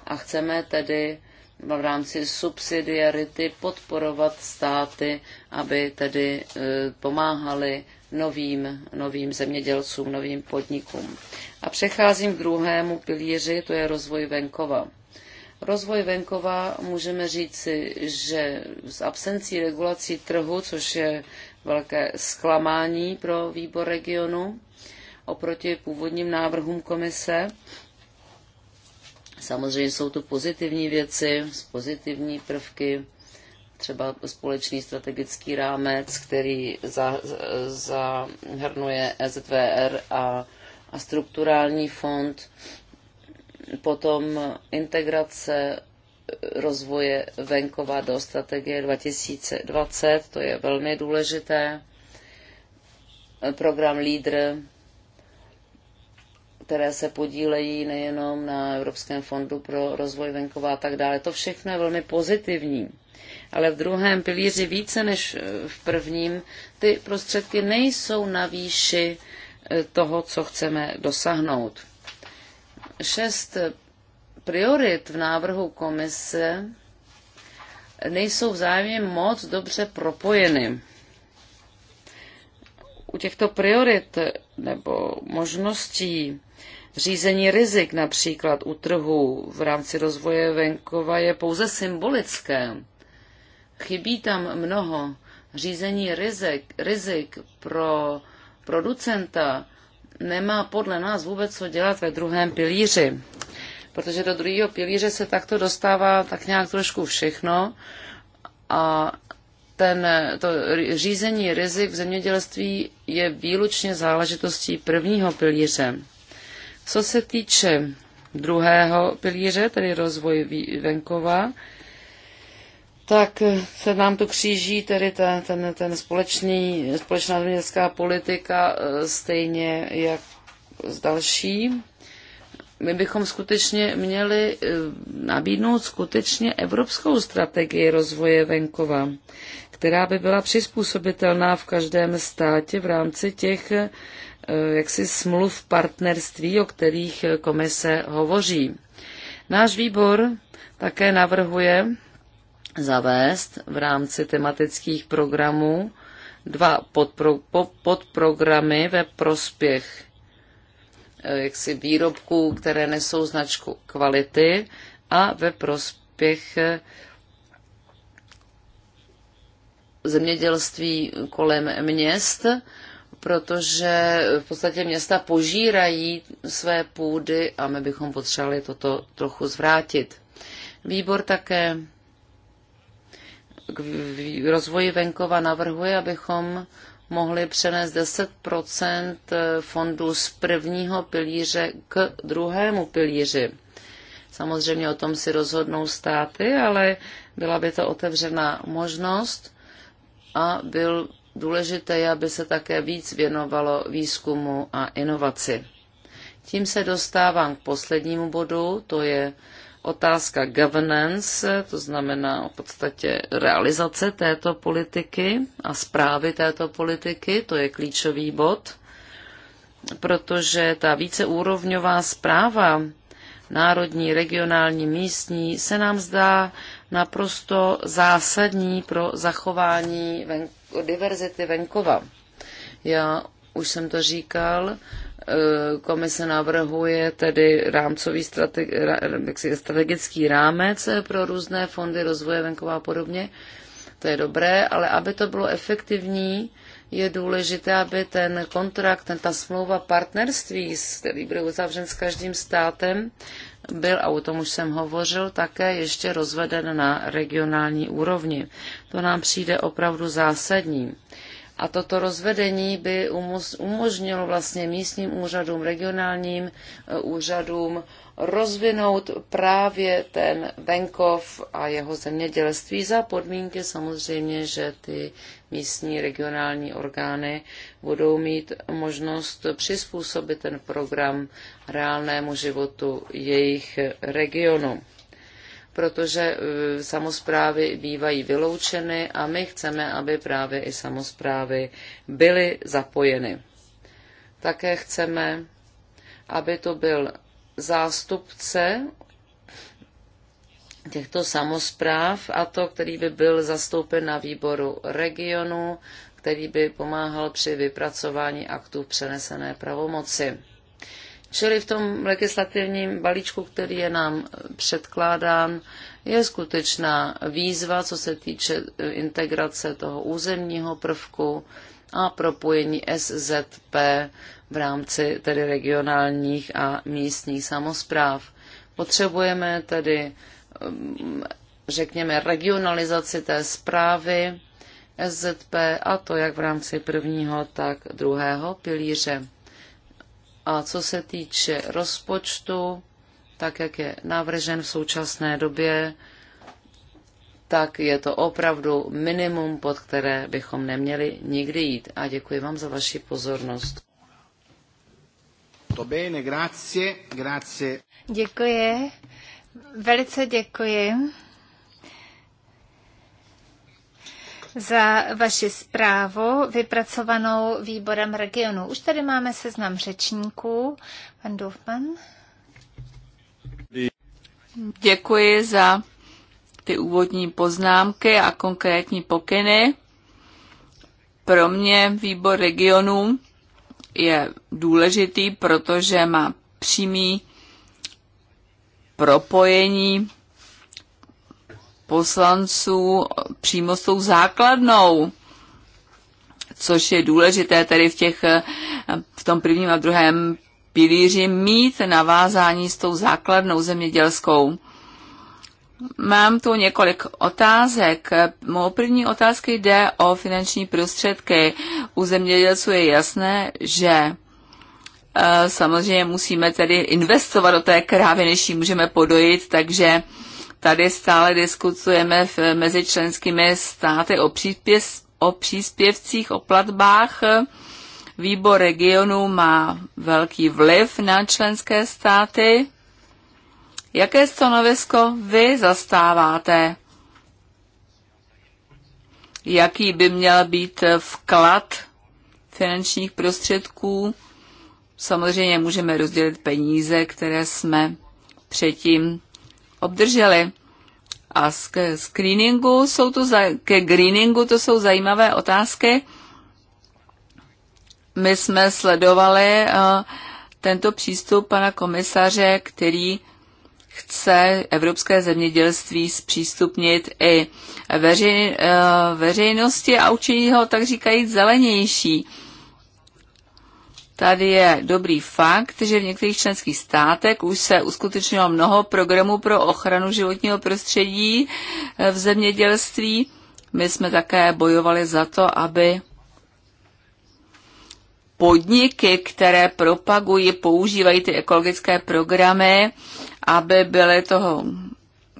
a chceme tedy v rámci subsidiarity podporovat státy, aby tedy e, pomáhali novým, novým zemědělcům, novým podnikům. A přecházím k druhému pilíři, to je rozvoj venkova. Rozvoj venkova můžeme říci, že s absencí regulací trhu, což je velké zklamání pro výbor regionu oproti původním návrhům komise, Samozřejmě jsou tu pozitivní věci, pozitivní prvky, třeba společný strategický rámec, který zahrnuje EZVR a, a strukturální fond potom integrace rozvoje venkova do strategie 2020, to je velmi důležité. Program LEADER, které se podílejí nejenom na Evropském fondu pro rozvoj venkova a tak dále. To všechno je velmi pozitivní. Ale v druhém pilíři více než v prvním ty prostředky nejsou na výši toho, co chceme dosáhnout. Šest priorit v návrhu komise nejsou vzájemně moc dobře propojeny. U těchto priorit nebo možností řízení rizik například u trhu v rámci rozvoje venkova je pouze symbolické. Chybí tam mnoho řízení rizik, rizik pro producenta nemá podle nás vůbec co dělat ve druhém pilíři. Protože do druhého pilíře se takto dostává tak nějak trošku všechno a ten, to řízení rizik v zemědělství je výlučně záležitostí prvního pilíře. Co se týče druhého pilíře, tedy rozvoj venkova, tak se nám tu kříží tedy ten, ten, ten společný, společná zemědělská politika e, stejně jak s další. My bychom skutečně měli e, nabídnout skutečně evropskou strategii rozvoje venkova, která by byla přizpůsobitelná v každém státě v rámci těch e, jaksi smluv partnerství, o kterých komise hovoří. Náš výbor také navrhuje, zavést v rámci tematických programů dva podpro, podprogramy ve prospěch eh, jaksi výrobků, které nesou značku kvality a ve prospěch eh, zemědělství kolem měst, protože v podstatě města požírají své půdy a my bychom potřebovali toto trochu zvrátit. Výbor také k rozvoji venkova navrhuje, abychom mohli přenést 10 fondů z prvního pilíře k druhému pilíři. Samozřejmě o tom si rozhodnou státy, ale byla by to otevřená možnost a byl důležité, aby se také víc věnovalo výzkumu a inovaci. Tím se dostávám k poslednímu bodu, to je Otázka governance, to znamená v podstatě realizace této politiky a zprávy této politiky, to je klíčový bod, protože ta víceúrovňová zpráva národní, regionální, místní, se nám zdá naprosto zásadní pro zachování venko, diverzity venkova. Já už jsem to říkal, Eh, komise navrhuje tedy rámcový strategický rámec eh, pro různé fondy rozvoje venkova a podobně. To je dobré, ale aby to bylo efektivní, je důležité, aby ten kontrakt, ten, ta smlouva partnerství, který bude uzavřen s každým státem, byl, a o tom už jsem hovořil, také ještě rozveden na regionální úrovni. To nám přijde opravdu zásadní. A toto rozvedení by umožnilo vlastně místním úřadům, regionálním eh, úřadům rozvinout právě ten venkov a jeho zemědělství za podmínky samozřejmě, že ty místní regionální orgány budou mít možnost přizpůsobit ten program reálnému životu jejich regionu protože eh, samozprávy bývají vyloučeny a my chceme, aby právě i samozprávy byly zapojeny. Také chceme, aby to byl zástupce těchto samozpráv, a to, který by byl zastoupen na výboru regionu, který by pomáhal při vypracování aktů přenesené pravomoci. Čili v tom legislativním balíčku, který je nám eh, předkládán, je skutečná výzva, co se týče eh, integrace toho územního prvku a propojení SZP v rámci tedy regionálních a místních samozpráv. Potřebujeme tedy, eh, řekněme, regionalizaci té zprávy SZP a to jak v rámci prvního, tak druhého pilíře. A co se týče rozpočtu, tak jak je navržen v současné době, tak je to opravdu minimum, pod které bychom neměli nikdy jít. A děkuji vám za vaši pozornost. To bene, grazie, grazie. Děkuji, velice děkuji. za vaši zprávu vypracovanou výborem regionu. Už tady máme seznam řečníků. Pan Doufman. Děkuji za ty úvodní poznámky a konkrétní pokyny. Pro mě výbor regionu je důležitý, protože má přímý propojení poslanců přímo s tou základnou, což je důležité tedy v, těch, v tom prvním a druhém pilíři mít navázání s tou základnou zemědělskou. Mám tu několik otázek. Mou první otázky jde o finanční prostředky. U zemědělců je jasné, že eh, samozřejmě musíme tedy investovat do té krávy, než ji můžeme podojit, takže tady stále diskutujeme v, mezi členskými státy o, příspěv, o příspěvcích, o platbách. Výbor regionů má velký vliv na členské státy. Jaké stanovisko vy zastáváte? Jaký by měl být vklad finančních prostředků? Samozřejmě můžeme rozdělit peníze, které jsme předtím obdrželi. A z screeningu jsou to, za, ke greeningu to jsou zajímavé otázky. My jsme sledovali eh, tento přístup pana komisaře, který chce evropské zemědělství zpřístupnit i veřej, eh, veřejnosti a učinit ho, tak říkají zelenější. Tady je dobrý fakt, že v některých členských státech už se uskutečnilo mnoho programů pro ochranu životního prostředí eh, v zemědělství. My jsme také bojovali za to, aby podniky, které propagují, používají ty ekologické programy, aby byly toho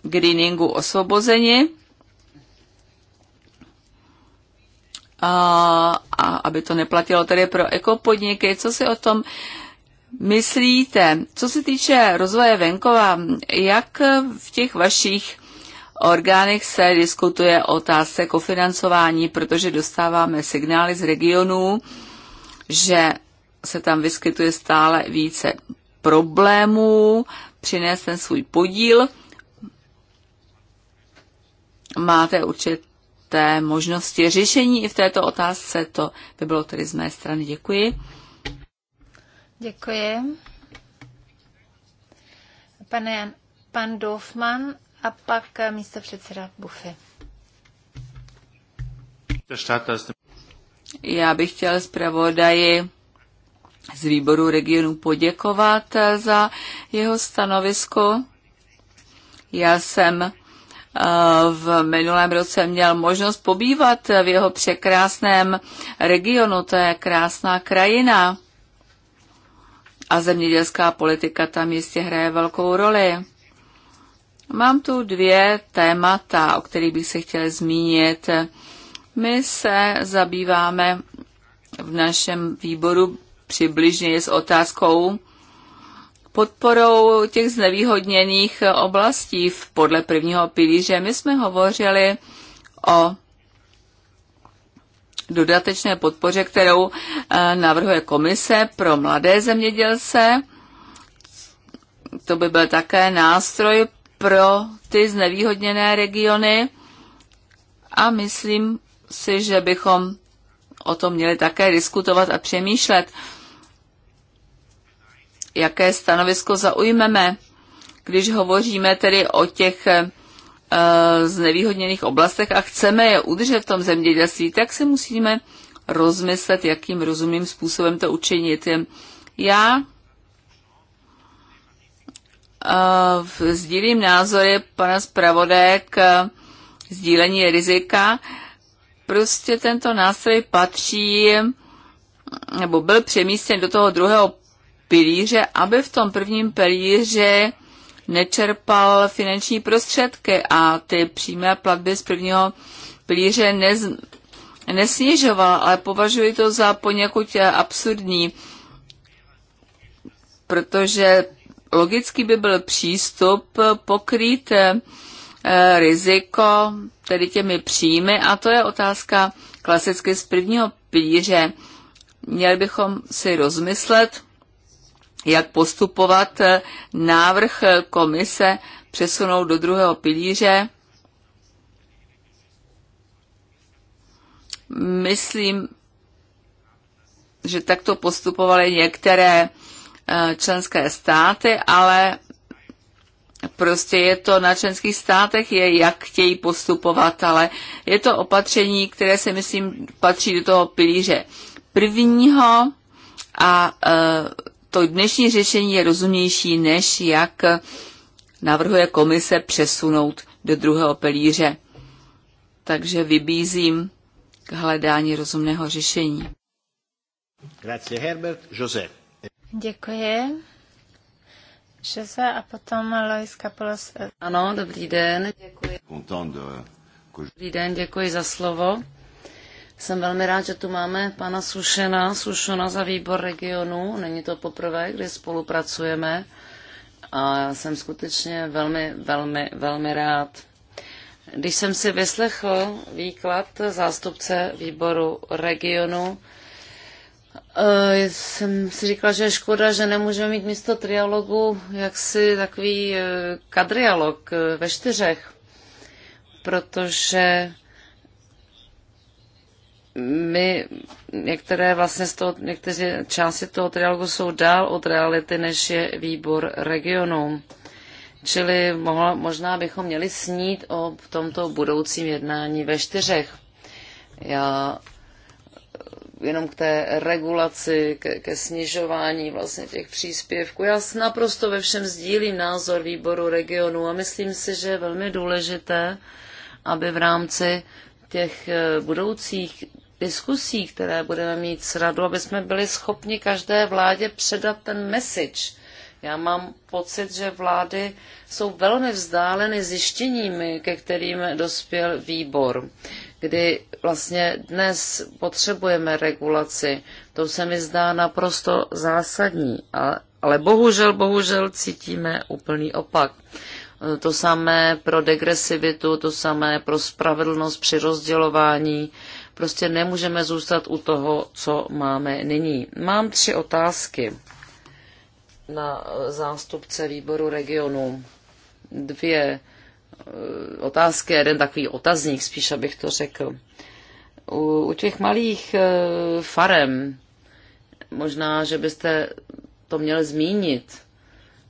greeningu osvobozeni. a, a aby to neplatilo tedy pro ekopodniky. Co si o tom myslíte? Co se týče rozvoje venkova, jak v těch vašich orgánech se diskutuje o otázce kofinancování, protože dostáváme signály z regionů, že se tam vyskytuje stále více problémů, přinést ten svůj podíl. Máte určitě té možnosti řešení i v této otázce. To by bylo tedy z mé strany. Děkuji. Děkuji. Pane Jan, pan Dofman a pak místo předseda Buffy. Já bych chtěl zpravodaji z výboru regionu poděkovat za jeho stanovisko. Já jsem Eh, v minulém roce měl možnost pobývat v jeho překrásném regionu. To je krásná krajina. A zemědělská politika tam jistě hraje velkou roli. Mám tu dvě témata, o kterých bych se chtěl zmínit. My se zabýváme v našem výboru přibližně s otázkou podporou těch znevýhodněných oblastí podle prvního pilíře. My jsme hovořili o dodatečné podpoře, kterou eh, navrhuje komise pro mladé zemědělce. To by byl také nástroj pro ty znevýhodněné regiony a myslím si, že bychom o tom měli také diskutovat a přemýšlet jaké stanovisko zaujmeme, když hovoříme tedy o těch eh, znevýhodněných oblastech a chceme je udržet v tom zemědělství, tak si musíme rozmyslet, jakým rozumným způsobem to učinit. Já eh, sdílím názory pana zpravodaje k sdílení rizika. Prostě tento nástroj patří nebo byl přemístěn do toho druhého pilíře, aby v tom prvním pilíře nečerpal finanční prostředky a ty přímé platby z prvního pilíře nez, nesnižoval, ale považuji to za poněkud eh, absurdní, protože logicky by byl přístup pokrýt eh, riziko, tedy těmi příjmy, a to je otázka klasicky z prvního pilíře. Měli bychom si rozmyslet, jak postupovat. Eh, návrh eh, komise přesunout do druhého pilíře. Myslím, že takto postupovaly některé eh, členské státy, ale prostě je to na členských státech, je jak chtějí postupovat, ale je to opatření, které se myslím patří do toho pilíře prvního a to dnešní řešení je rozumnější, než jak navrhuje komise přesunout do druhého pilíře. Takže vybízím k hledání rozumného řešení. Grazie Herbert, José. Děkuji. Jose a potom Lois Kapolos. Ano, dobrý den. Děkuji. Dobrý den, děkuji za slovo. Jsem velmi rád, že tu máme pana Sušena, Sušona za výbor regionu. Není to poprvé, kdy spolupracujeme. A jsem skutečně velmi, velmi, velmi rád. Když jsem si vyslechl výklad zástupce výboru regionu, eh, jsem si říkala, že je škoda, že nemůžeme mít místo trialogu jaksi takový eh, kadrialog eh, ve čtyřech, protože my některé vlastně z toho, některé části toho trialogu jsou dál od reality, než je výbor regionů. Čili mohla, možná bychom měli snít o tomto budoucím jednání ve čtyřech. Já eh, jenom k té regulaci, ke, ke snižování vlastně těch příspěvků. Já naprosto ve všem sdílím názor výboru regionu a myslím si, že je velmi důležité, aby v rámci těch eh, budoucích diskusí, které budeme mít s radou, aby jsme byli schopni každé vládě předat ten message. Já mám pocit, že vlády jsou velmi vzdáleny zjištěními, ke kterým dospěl výbor, kdy vlastně dnes potřebujeme regulaci. To se mi zdá naprosto zásadní, ale bohužel, bohužel cítíme úplný opak. To samé pro degresivitu, to samé pro spravedlnost při rozdělování Prostě nemůžeme zůstat u toho, co máme nyní. Mám tři otázky na zástupce výboru regionu. Dvě eh, otázky, jeden takový otazník, spíš abych to řekl. U, u těch malých eh, farem, možná, že byste to měli zmínit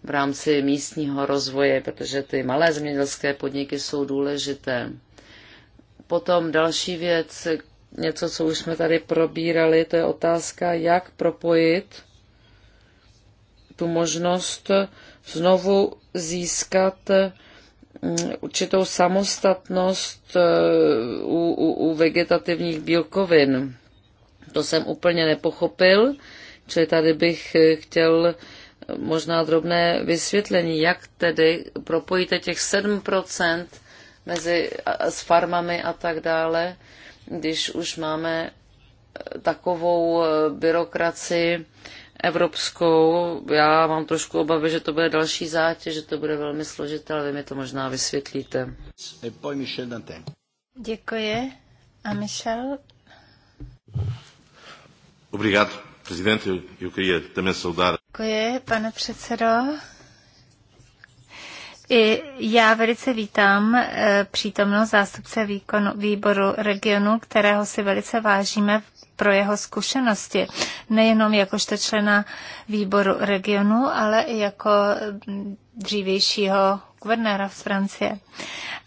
v rámci místního rozvoje, protože ty malé zemědělské podniky jsou důležité. Potom další věc, něco, co už jsme tady probírali, to je otázka, jak propojit tu možnost znovu získat mm, určitou samostatnost e, u, u, u vegetativních bílkovin. To jsem úplně nepochopil, čili tady bych e, chtěl e, možná drobné vysvětlení, jak tedy propojíte těch 7% mezi, s farmami a tak dále, když už máme eh, takovou eh, byrokraci evropskou, já mám trošku obavy, že to bude další zátěž, že to bude velmi složité, ale vy mi to možná vysvětlíte. Děkuji. A Michel? Obrigado, presidente. Eu queria também saudar. Děkuji, pane předsedo. I já velice vítám eh, přítomnost zástupce výkonu, výboru regionu, kterého si velice vážíme pro jeho zkušenosti, nejenom jakožto člena výboru regionu, ale i jako mm, dřívějšího guvernéra z Francie.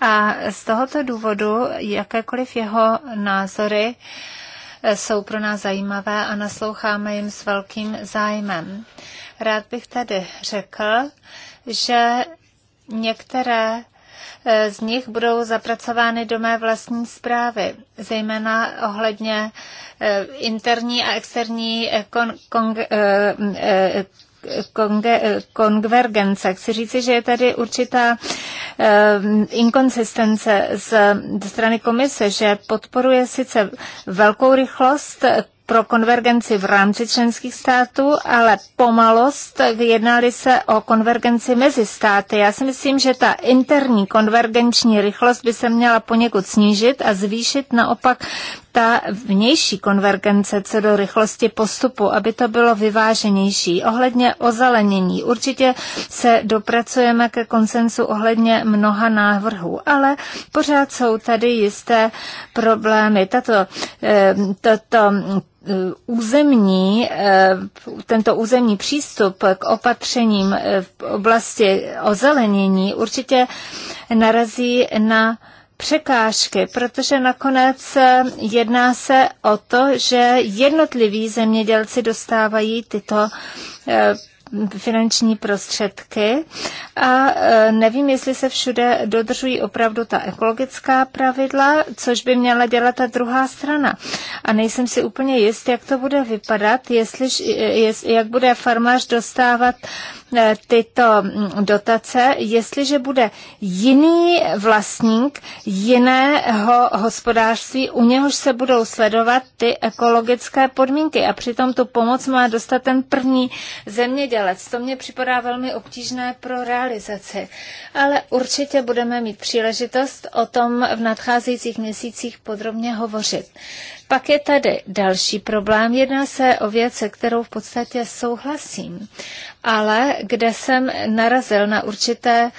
A z tohoto důvodu jakékoliv jeho názory eh, jsou pro nás zajímavé a nasloucháme jim s velkým zájmem. Rád bych tady řekl, že Některé eh, z nich budou zapracovány do mé vlastní zprávy, zejména ohledně eh, interní a externí eh, kon, kon, kon- konvergence. Chci říci, že je tady určitá inkonsistence z, z strany komise, že podporuje sice velkou rychlost pro konvergenci v rámci členských států, ale pomalost vyjednali se o konvergenci mezi státy. Já si myslím, že ta interní konvergenční rychlost by se měla poněkud snížit a zvýšit naopak ta vnější konvergence co do rychlosti postupu, aby to bylo vyváženější. Ohledně ozelenění určitě se dopracujeme ke konsensu ohledně mnoha návrhů, ale pořád jsou tady jisté problémy. Tato, eh, tato eh, územní, eh, tento územní přístup k opatřením v oblasti ozelenění určitě narazí na překážky, protože nakonec eh, jedná se o to, že jednotliví zemědělci dostávají tyto eh, finanční prostředky a eh, nevím, jestli se všude dodržují opravdu ta ekologická pravidla, což by měla dělat ta druhá strana. A nejsem si úplně jist, jak to bude vypadat, jestli, jak bude farmář dostávat Eh, tyto mm, dotace, jestliže bude jiný vlastník jiného hospodářství, u něhož se budou sledovat ty ekologické podmínky a přitom tu pomoc má dostat ten první zemědělec. To mě připadá velmi obtížné pro realizaci, ale určitě budeme mít příležitost o tom v nadcházejících měsících podrobně hovořit. Pak je tady další problém. Jedná se o věc, se kterou v podstatě souhlasím ale kde jsem narazil na určité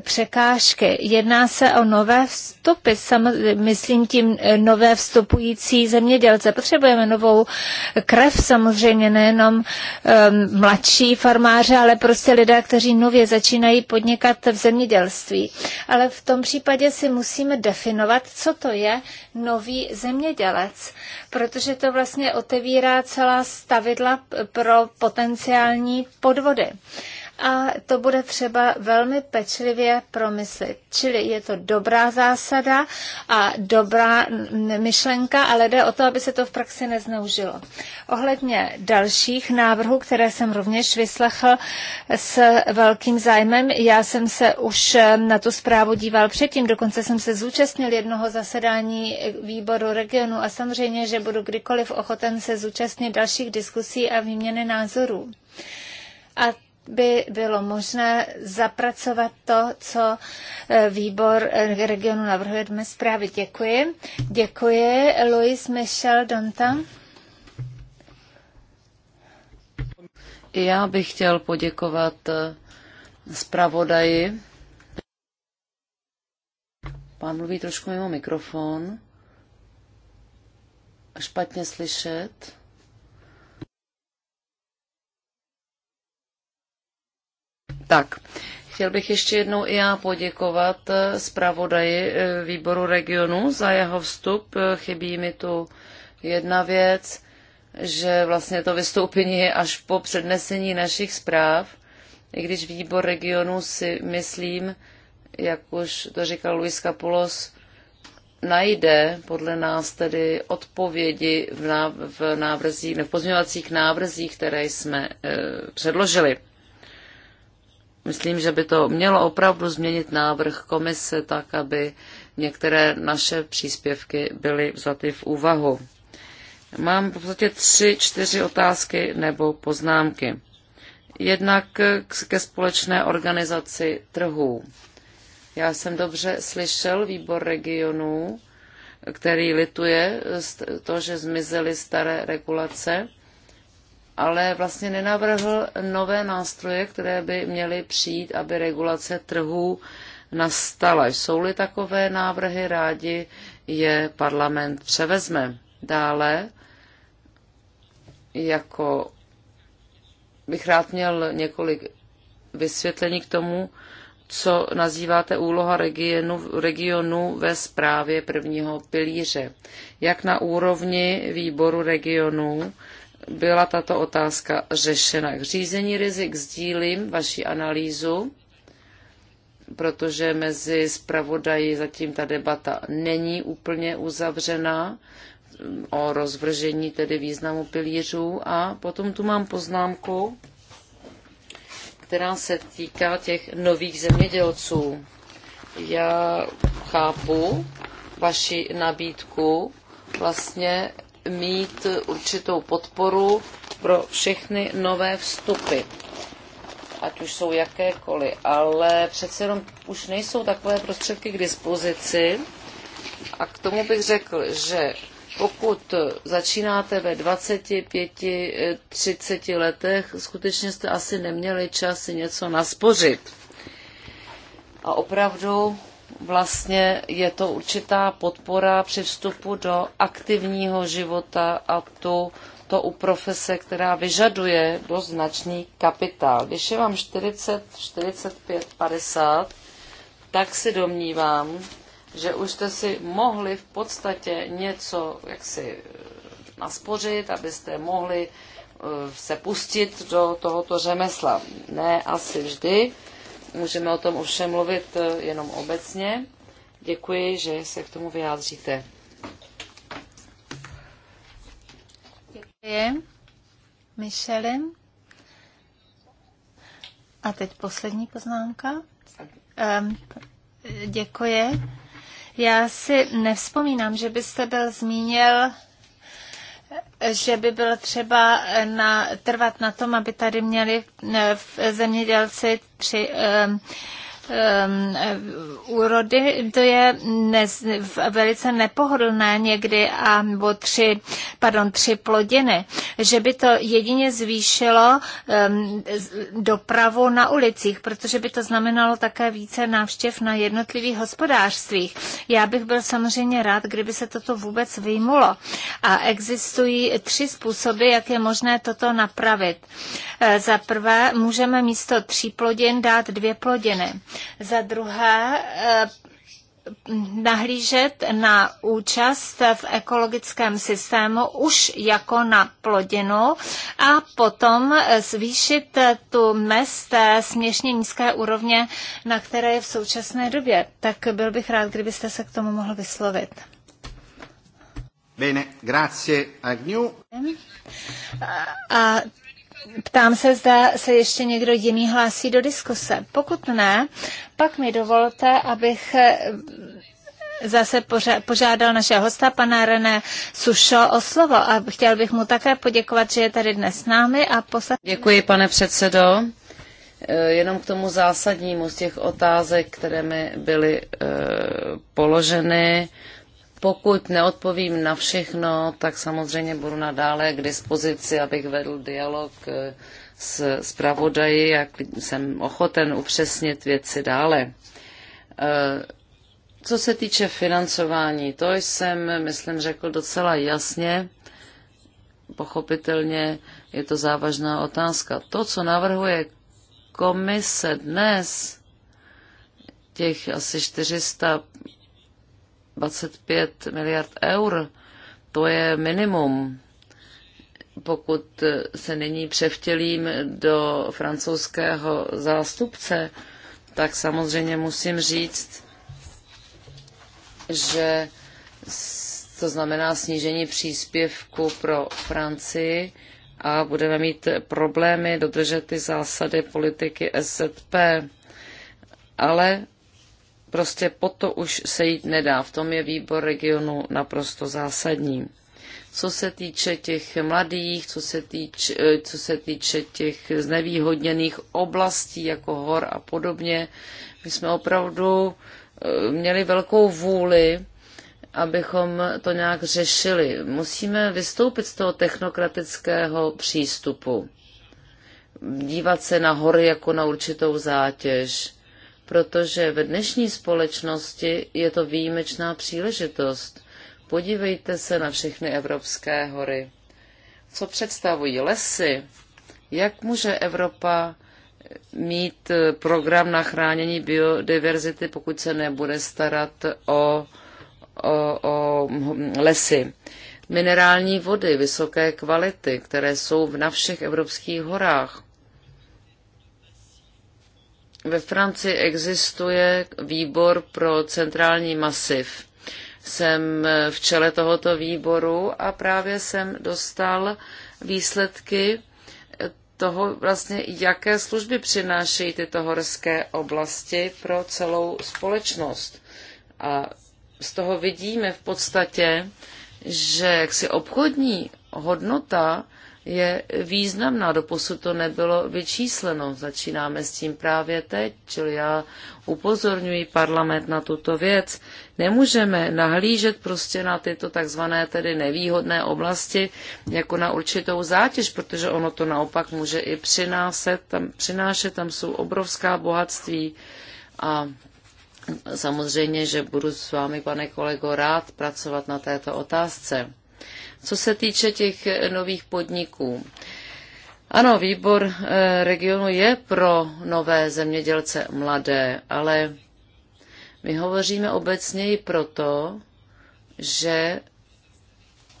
překážky. Jedná se o nové vstupy, sam, myslím tím eh, nové vstupující zemědělce. Potřebujeme novou krev samozřejmě, nejenom um, mladší farmáře, ale prostě lidé, kteří nově začínají podnikat v zemědělství. Ale v tom případě si musíme definovat, co to je nový zemědělec, protože to vlastně otevírá celá stavidla pro potenciální podvody a to bude třeba velmi pečlivě promyslit. Čili je to dobrá zásada a dobrá myšlenka, ale jde o to, aby se to v praxi nezneužilo. Ohledně dalších návrhů, které jsem rovněž vyslechl s velkým zájmem, já jsem se už eh, na tu zprávu díval předtím, dokonce jsem se zúčastnil jednoho zasedání výboru regionu a samozřejmě, že budu kdykoliv ochoten se zúčastnit dalších diskusí a výměny názorů. A by bylo možné zapracovat to, co eh, výbor eh, regionu navrhuje dnes zprávy. Děkuji. Děkuji. Louis Michel Donta. Já bych chtěl poděkovat eh, zpravodaji. Pán mluví trošku mimo mikrofon. Špatně slyšet. Tak, chtěl bych ještě jednou i já poděkovat eh, zpravodaji eh, výboru regionu za jeho vstup. Eh, chybí mi tu jedna věc, že vlastně to vystoupení je až po přednesení našich zpráv, i když výbor regionu si myslím, jak už to říkal Luis Capulos, najde podle nás tedy odpovědi v, návrzích, v návrzích, v pozměňovacích návrzích, které jsme e, předložili. Myslím, že by to mělo opravdu změnit návrh komise tak, aby některé naše příspěvky byly vzaty v úvahu. Mám v podstatě tři, čtyři otázky nebo poznámky. Jednak ke společné organizaci trhů. Já jsem dobře slyšel výbor regionů, který lituje to, že zmizely staré regulace ale vlastně nenavrhl nové nástroje, které by měly přijít, aby regulace trhů nastala. Jsou-li takové návrhy, rádi je parlament převezme. Dále, jako bych rád měl několik vysvětlení k tomu, co nazýváte úloha regionu, regionu ve správě prvního pilíře. Jak na úrovni výboru regionů, byla tato otázka řešena. K řízení rizik sdílím vaši analýzu, protože mezi zpravodají zatím ta debata není úplně uzavřená o rozvržení tedy významu pilířů. A potom tu mám poznámku, která se týká těch nových zemědělců. Já chápu vaši nabídku vlastně mít určitou podporu pro všechny nové vstupy, ať už jsou jakékoliv, ale přece jenom už nejsou takové prostředky k dispozici. A k tomu bych řekl, že pokud začínáte ve 25, 30 letech, skutečně jste asi neměli čas si něco naspořit. A opravdu vlastně je to určitá podpora při vstupu do aktivního života a tu, to u profese, která vyžaduje dost značný kapitál. Když je vám 40, 45, 50, tak si domnívám, že už jste si mohli v podstatě něco jaksi eh, naspořit, abyste mohli eh, se pustit do tohoto řemesla. Ne asi vždy, Můžeme o tom ovšem mluvit eh, jenom obecně. Děkuji, že se k tomu vyjádříte. Děkuji. Michelin. A teď poslední poznámka. děkuji. Já si nevzpomínám, že byste byl zmínil že by bylo třeba eh, na, trvat na tom, aby tady měli eh, zemědělci tři um, úrody, ehm, to je nez, velice nepohodlné někdy, a, nebo tři, pardon, tři plodiny, že by to jedině zvýšilo um, dopravu na ulicích, protože by to znamenalo také více návštěv na jednotlivých hospodářstvích. Já bych byl samozřejmě rád, kdyby se toto vůbec vyjmulo. A existují tři způsoby, jak je možné toto napravit. Eh, za prvé, můžeme místo tří plodin dát dvě plodiny. Za druhé, eh, nahlížet na účast v ekologickém systému už jako na plodinu a potom zvýšit tu mest směšně nízké úrovně, na které je v současné době. Tak byl bych rád, kdybyste se k tomu mohl vyslovit. Bene, grazie Agnew. A Ptám se, zda se ještě někdo jiný hlásí do diskuse. Pokud ne, pak mi dovolte, abych eh, zase požádal našeho hosta, pana René Sušo, o slovo a chtěl bych mu také poděkovat, že je tady dnes s námi a poslat... Děkuji, pane předsedo. Eh, jenom k tomu zásadnímu z těch otázek, které mi byly eh, položeny, pokud neodpovím na všechno, tak samozřejmě budu nadále k dispozici, abych vedl dialog eh, s zpravodaji, jak jsem ochoten upřesnit věci dále. Eh, co se týče financování, to jsem, myslím, řekl docela jasně. Pochopitelně je to závažná otázka. To, co navrhuje komise dnes, těch asi 400 25 miliard eur. To je minimum, pokud se nyní převtělím do francouzského zástupce, tak samozřejmě musím říct, že to znamená snížení příspěvku pro Francii a budeme mít problémy dodržet ty zásady politiky SZP. Ale Prostě po to už se jít nedá. V tom je výbor regionu naprosto zásadní. Co se týče těch mladých, co se týče, eh, co se týče těch znevýhodněných oblastí, jako hor a podobně, my jsme opravdu eh, měli velkou vůli, abychom to nějak řešili. Musíme vystoupit z toho technokratického přístupu, dívat se na hory jako na určitou zátěž protože ve dnešní společnosti je to výjimečná příležitost. Podívejte se na všechny evropské hory. Co představují lesy? Jak může Evropa mít program na chránění biodiverzity, pokud se nebude starat o, o, o lesy? Minerální vody vysoké kvality, které jsou na všech evropských horách. Ve Francii existuje výbor pro centrální masiv. Jsem v čele tohoto výboru a právě jsem dostal výsledky toho vlastně, jaké služby přinášejí tyto horské oblasti pro celou společnost. A z toho vidíme v podstatě, že jaksi obchodní hodnota je významná. Doposud to nebylo vyčísleno. Začínáme s tím právě teď, čili já upozorňuji parlament na tuto věc. Nemůžeme nahlížet prostě na tyto takzvané tedy nevýhodné oblasti jako na určitou zátěž, protože ono to naopak může i přinášet. Tam, přinášet, tam jsou obrovská bohatství a samozřejmě, že budu s vámi, pane kolego, rád pracovat na této otázce. Co se týče těch eh, nových podniků, ano, výbor eh, regionu je pro nové zemědělce mladé, ale my hovoříme i proto, že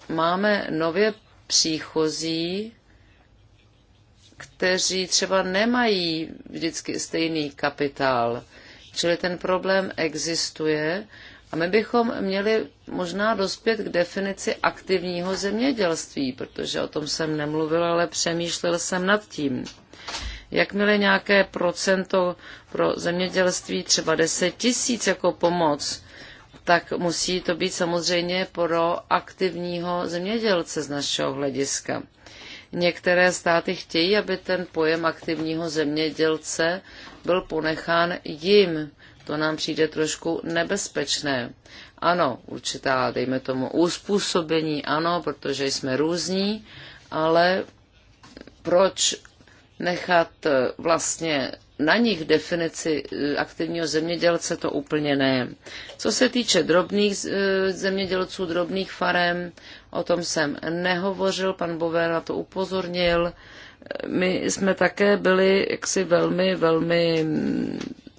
máme nově příchozí, kteří třeba nemají vždycky stejný kapitál. Čili ten problém existuje a my bychom měli možná dospět k definici aktivního zemědělství, protože o tom jsem nemluvil, ale přemýšlel jsem nad tím. Jakmile nějaké procento pro zemědělství, třeba 10 tisíc jako pomoc, tak musí to být samozřejmě pro aktivního zemědělce z našeho hlediska. Některé státy chtějí, aby ten pojem aktivního zemědělce byl ponechán jim, to nám přijde trošku nebezpečné. Ano, určitá, dejme tomu, uspůsobení, ano, protože jsme různí, ale proč nechat eh, vlastně na nich definici eh, aktivního zemědělce to úplně ne. Co se týče drobných eh, zemědělců, drobných farem, o tom jsem nehovořil, pan Bové na to upozornil. My jsme také byli jaksi velmi, velmi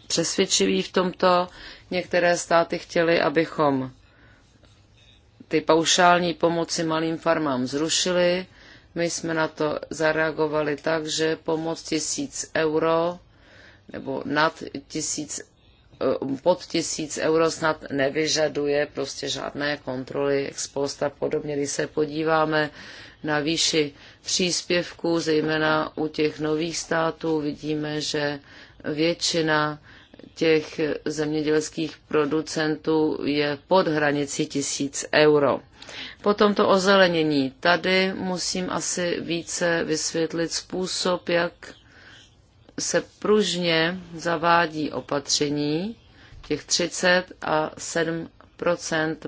přesvědčiví v tomto. Některé státy chtěly, abychom ty paušální pomoci malým farmám zrušili. My jsme na to zareagovali tak, že pomoc tisíc euro nebo nad tisíc, eh, pod tisíc euro snad nevyžaduje prostě žádné kontroly ex post a podobně. Když se podíváme na výši příspěvků, zejména u těch nových států, vidíme, že většina těch zemědělských producentů je pod hranici tisíc euro. Potom to ozelenění. Tady musím asi více vysvětlit způsob, jak se pružně zavádí opatření těch 30 a 7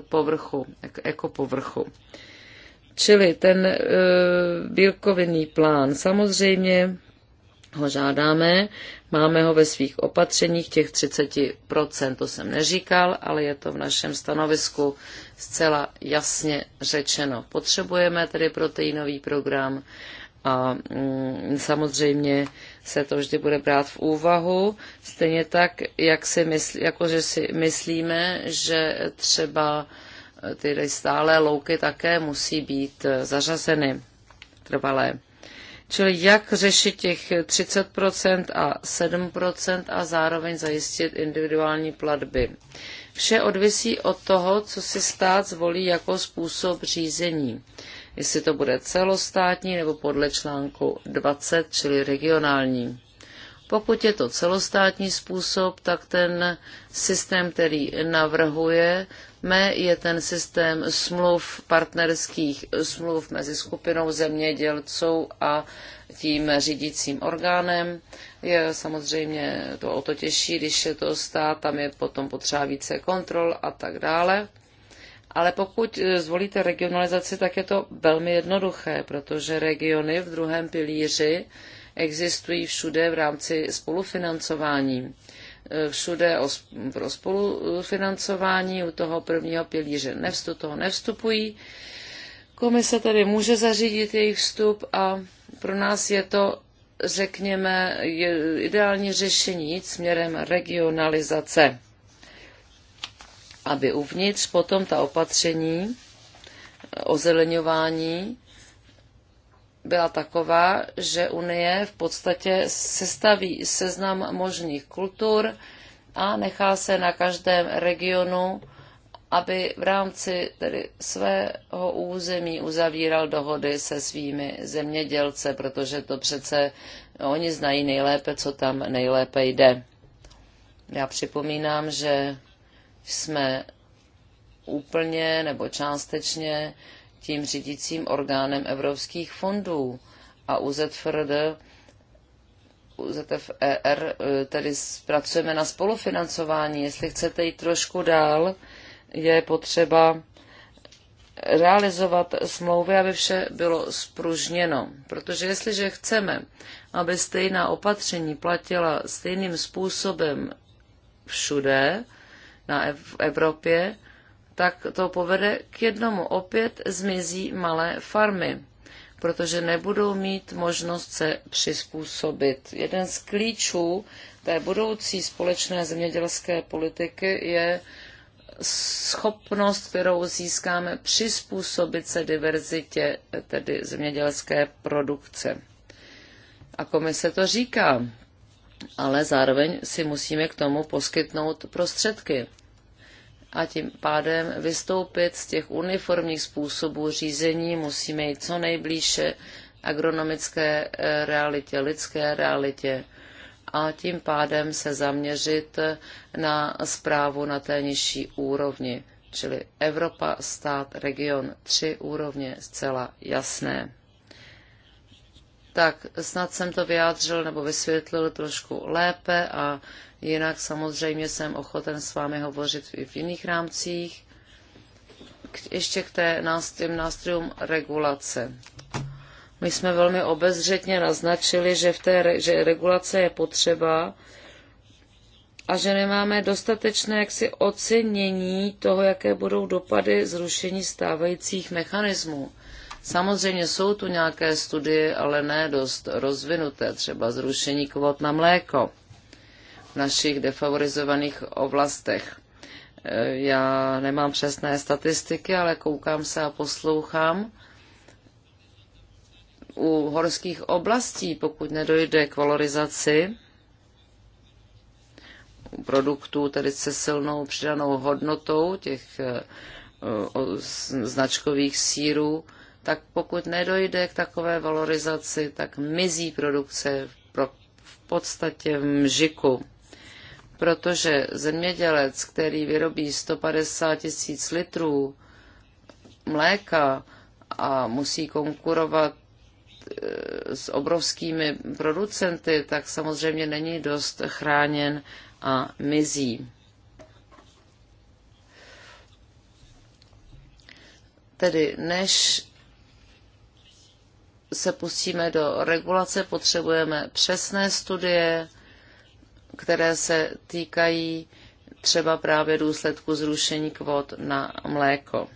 povrchu, ekopovrchu. Čili ten e, bílkovinný plán. Samozřejmě ho žádáme. Máme ho ve svých opatřeních, těch 30%, to jsem neříkal, ale je to v našem stanovisku zcela jasně řečeno. Potřebujeme tedy proteinový program a mm, samozřejmě se to vždy bude brát v úvahu. Stejně tak, jak si mysl, jako že si myslíme, že třeba ty stále louky také musí být zařazeny trvalé. Čili jak řešit těch 30% a 7% a zároveň zajistit individuální platby. Vše odvisí od toho, co si stát zvolí jako způsob řízení. Jestli to bude celostátní nebo podle článku 20, čili regionální. Pokud je to celostátní způsob, tak ten systém, který navrhuje, mé je ten systém smluv, partnerských smluv mezi skupinou zemědělců a tím řídícím orgánem. Je samozřejmě to o to těžší, když je to stát, tam je potom potřeba více kontrol a tak dále. Ale pokud zvolíte regionalizaci, tak je to velmi jednoduché, protože regiony v druhém pilíři existují všude v rámci spolufinancování všude o, pro spolufinancování, u toho prvního pilíře nevstup, toho nevstupují. Komise tedy může zařídit jejich vstup a pro nás je to, řekněme, ideální řešení jít směrem regionalizace, aby uvnitř potom ta opatření ozeleňování byla taková, že Unie v podstatě sestaví seznam možných kultur a nechá se na každém regionu, aby v rámci tedy svého území uzavíral dohody se svými zemědělce, protože to přece no, oni znají nejlépe, co tam nejlépe jde. Já připomínám, že jsme úplně nebo částečně tím řídícím orgánem evropských fondů a UZFRD UZFER, eh, tedy pracujeme na spolufinancování. Jestli chcete jít trošku dál, je potřeba realizovat smlouvy, aby vše bylo spružněno. Protože jestliže chceme, aby stejná opatření platila stejným způsobem všude na v Evropě, tak to povede k jednomu. Opět zmizí malé farmy, protože nebudou mít možnost se přizpůsobit. Jeden z klíčů té budoucí společné zemědělské politiky je schopnost, kterou získáme přizpůsobit se diverzitě, tedy zemědělské produkce. A komise to říká, ale zároveň si musíme k tomu poskytnout prostředky a tím pádem vystoupit z těch uniformních způsobů řízení musíme jít co nejblíže agronomické eh, realitě, lidské realitě a tím pádem se zaměřit eh, na zprávu na té nižší úrovni, čili Evropa, stát, region, tři úrovně zcela jasné. Tak snad jsem to vyjádřil nebo vysvětlil trošku lépe a jinak samozřejmě jsem ochoten s vámi hovořit i v jiných rámcích. Ještě k té, nástrojům, nástrojům regulace. My jsme velmi obezřetně naznačili, že, v té, že regulace je potřeba a že nemáme dostatečné jaksi ocenění toho, jaké budou dopady zrušení stávajících mechanismů. Samozřejmě jsou tu nějaké studie, ale ne dost rozvinuté, třeba zrušení kvot na mléko v našich defavorizovaných oblastech. Eh, já nemám přesné statistiky, ale koukám se a poslouchám. U horských oblastí, pokud nedojde k valorizaci produktů, tedy se silnou přidanou hodnotou těch eh, značkových sírů, tak pokud nedojde k takové valorizaci, tak mizí produkce v podstatě v mžiku. Protože zemědělec, který vyrobí 150 tisíc litrů mléka a musí konkurovat e, s obrovskými producenty, tak samozřejmě není dost chráněn a mizí. Tedy než se pustíme do regulace, potřebujeme přesné studie, které se týkají třeba právě důsledku zrušení kvot na mléko.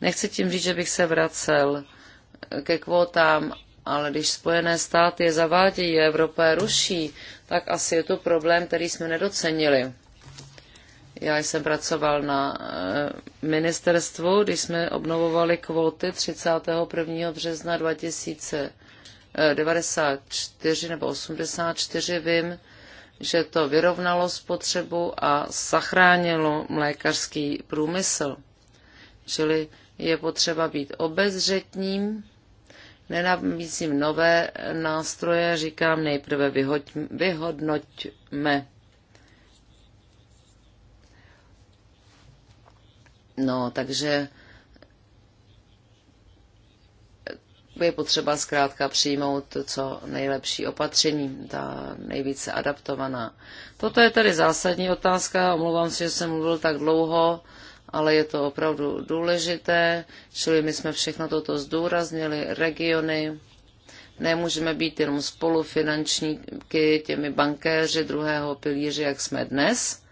Nechci tím říct, že bych se vracel ke kvótám, ale když Spojené státy je zavádějí a Evropa je ruší, tak asi je to problém, který jsme nedocenili. Já jsem pracoval na eh, ministerstvu, když jsme obnovovali kvóty 31. března 2094 nebo 84, vím, že to vyrovnalo spotřebu a zachránilo mlékařský průmysl. Čili je potřeba být obezřetním, nenabízím nové nástroje, říkám nejprve vyhoď, vyhodnoťme No, takže je potřeba zkrátka přijmout co nejlepší opatření, ta nejvíce adaptovaná. Toto je tedy zásadní otázka, omlouvám se, že jsem mluvil tak dlouho, ale je to opravdu důležité, čili my jsme všechno toto zdůraznili, regiony, nemůžeme být jenom spolufinančníky, těmi bankéři druhého pilíře, jak jsme dnes,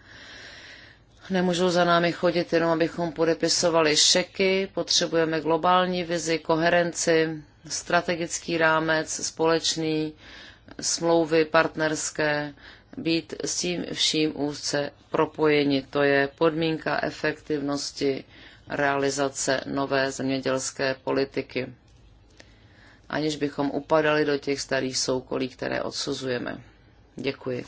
Nemůžou za námi chodit jenom, abychom podepisovali šeky, potřebujeme globální vizi, koherenci, strategický rámec, společný, smlouvy partnerské, být s tím vším úzce propojeni. To je podmínka efektivnosti realizace nové zemědělské politiky, aniž bychom upadali do těch starých soukolí, které odsuzujeme. Děkuji.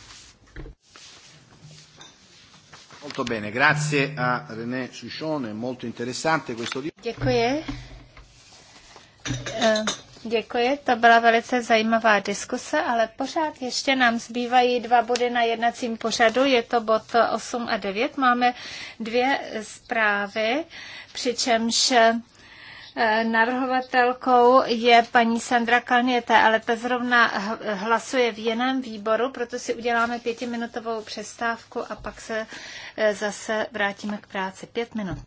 Molto bene, grazie a René Suchon, molto interessante questo Děkuji. Eh, děkuji, to byla velice zajímavá diskuse, ale pořád ještě nám zbývají dva body na jednacím pořadu, je to bod 8 a 9. Máme dvě zprávy, přičemž Eh, navrhovatelkou je paní Sandra Kalněte, ale ta zrovna hlasuje v jiném výboru, proto si uděláme pětiminutovou přestávku a pak se eh, zase vrátíme k práci. Pět minut.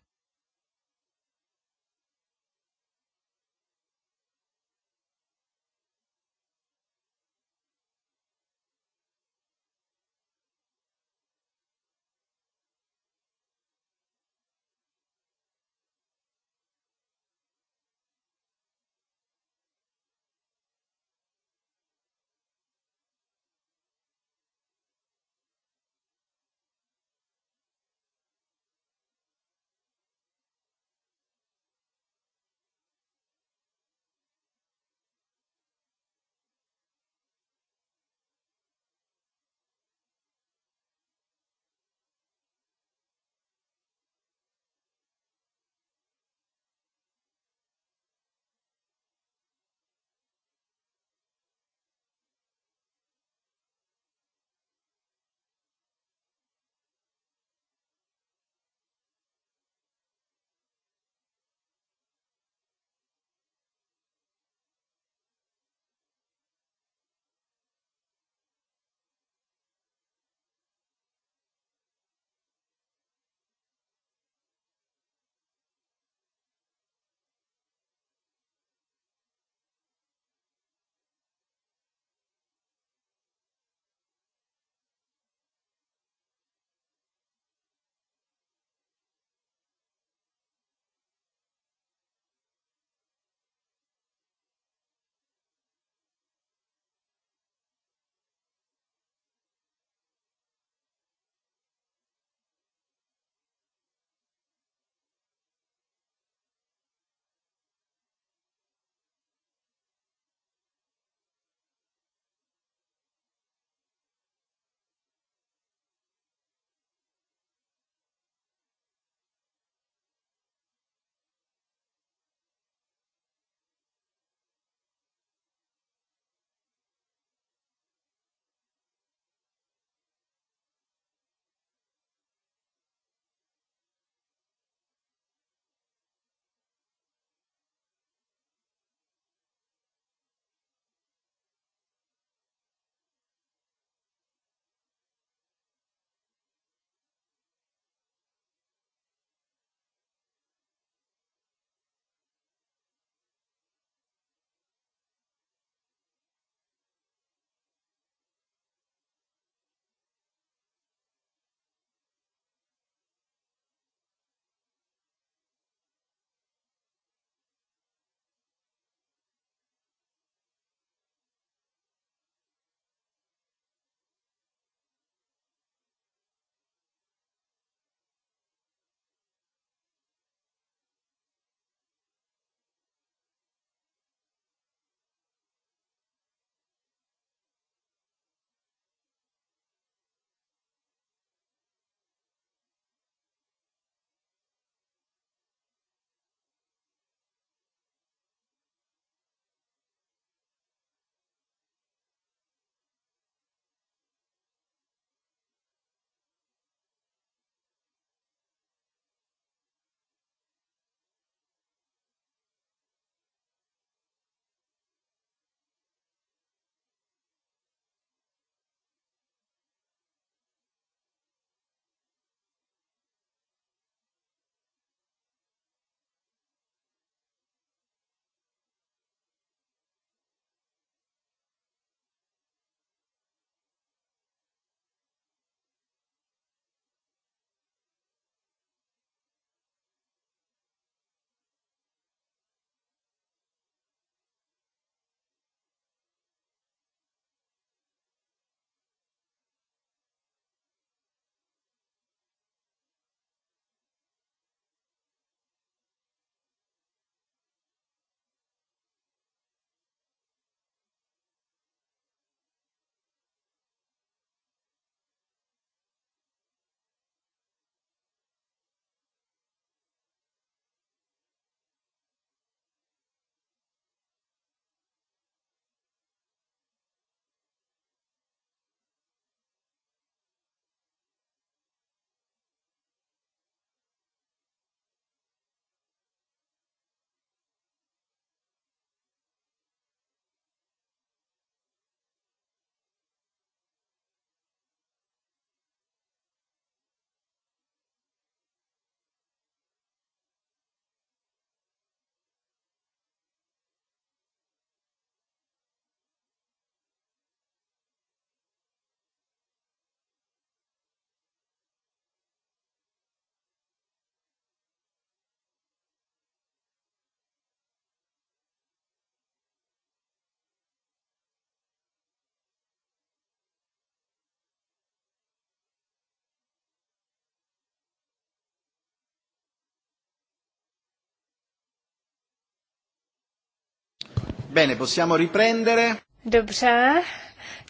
Bene, possiamo riprendere. Dobře,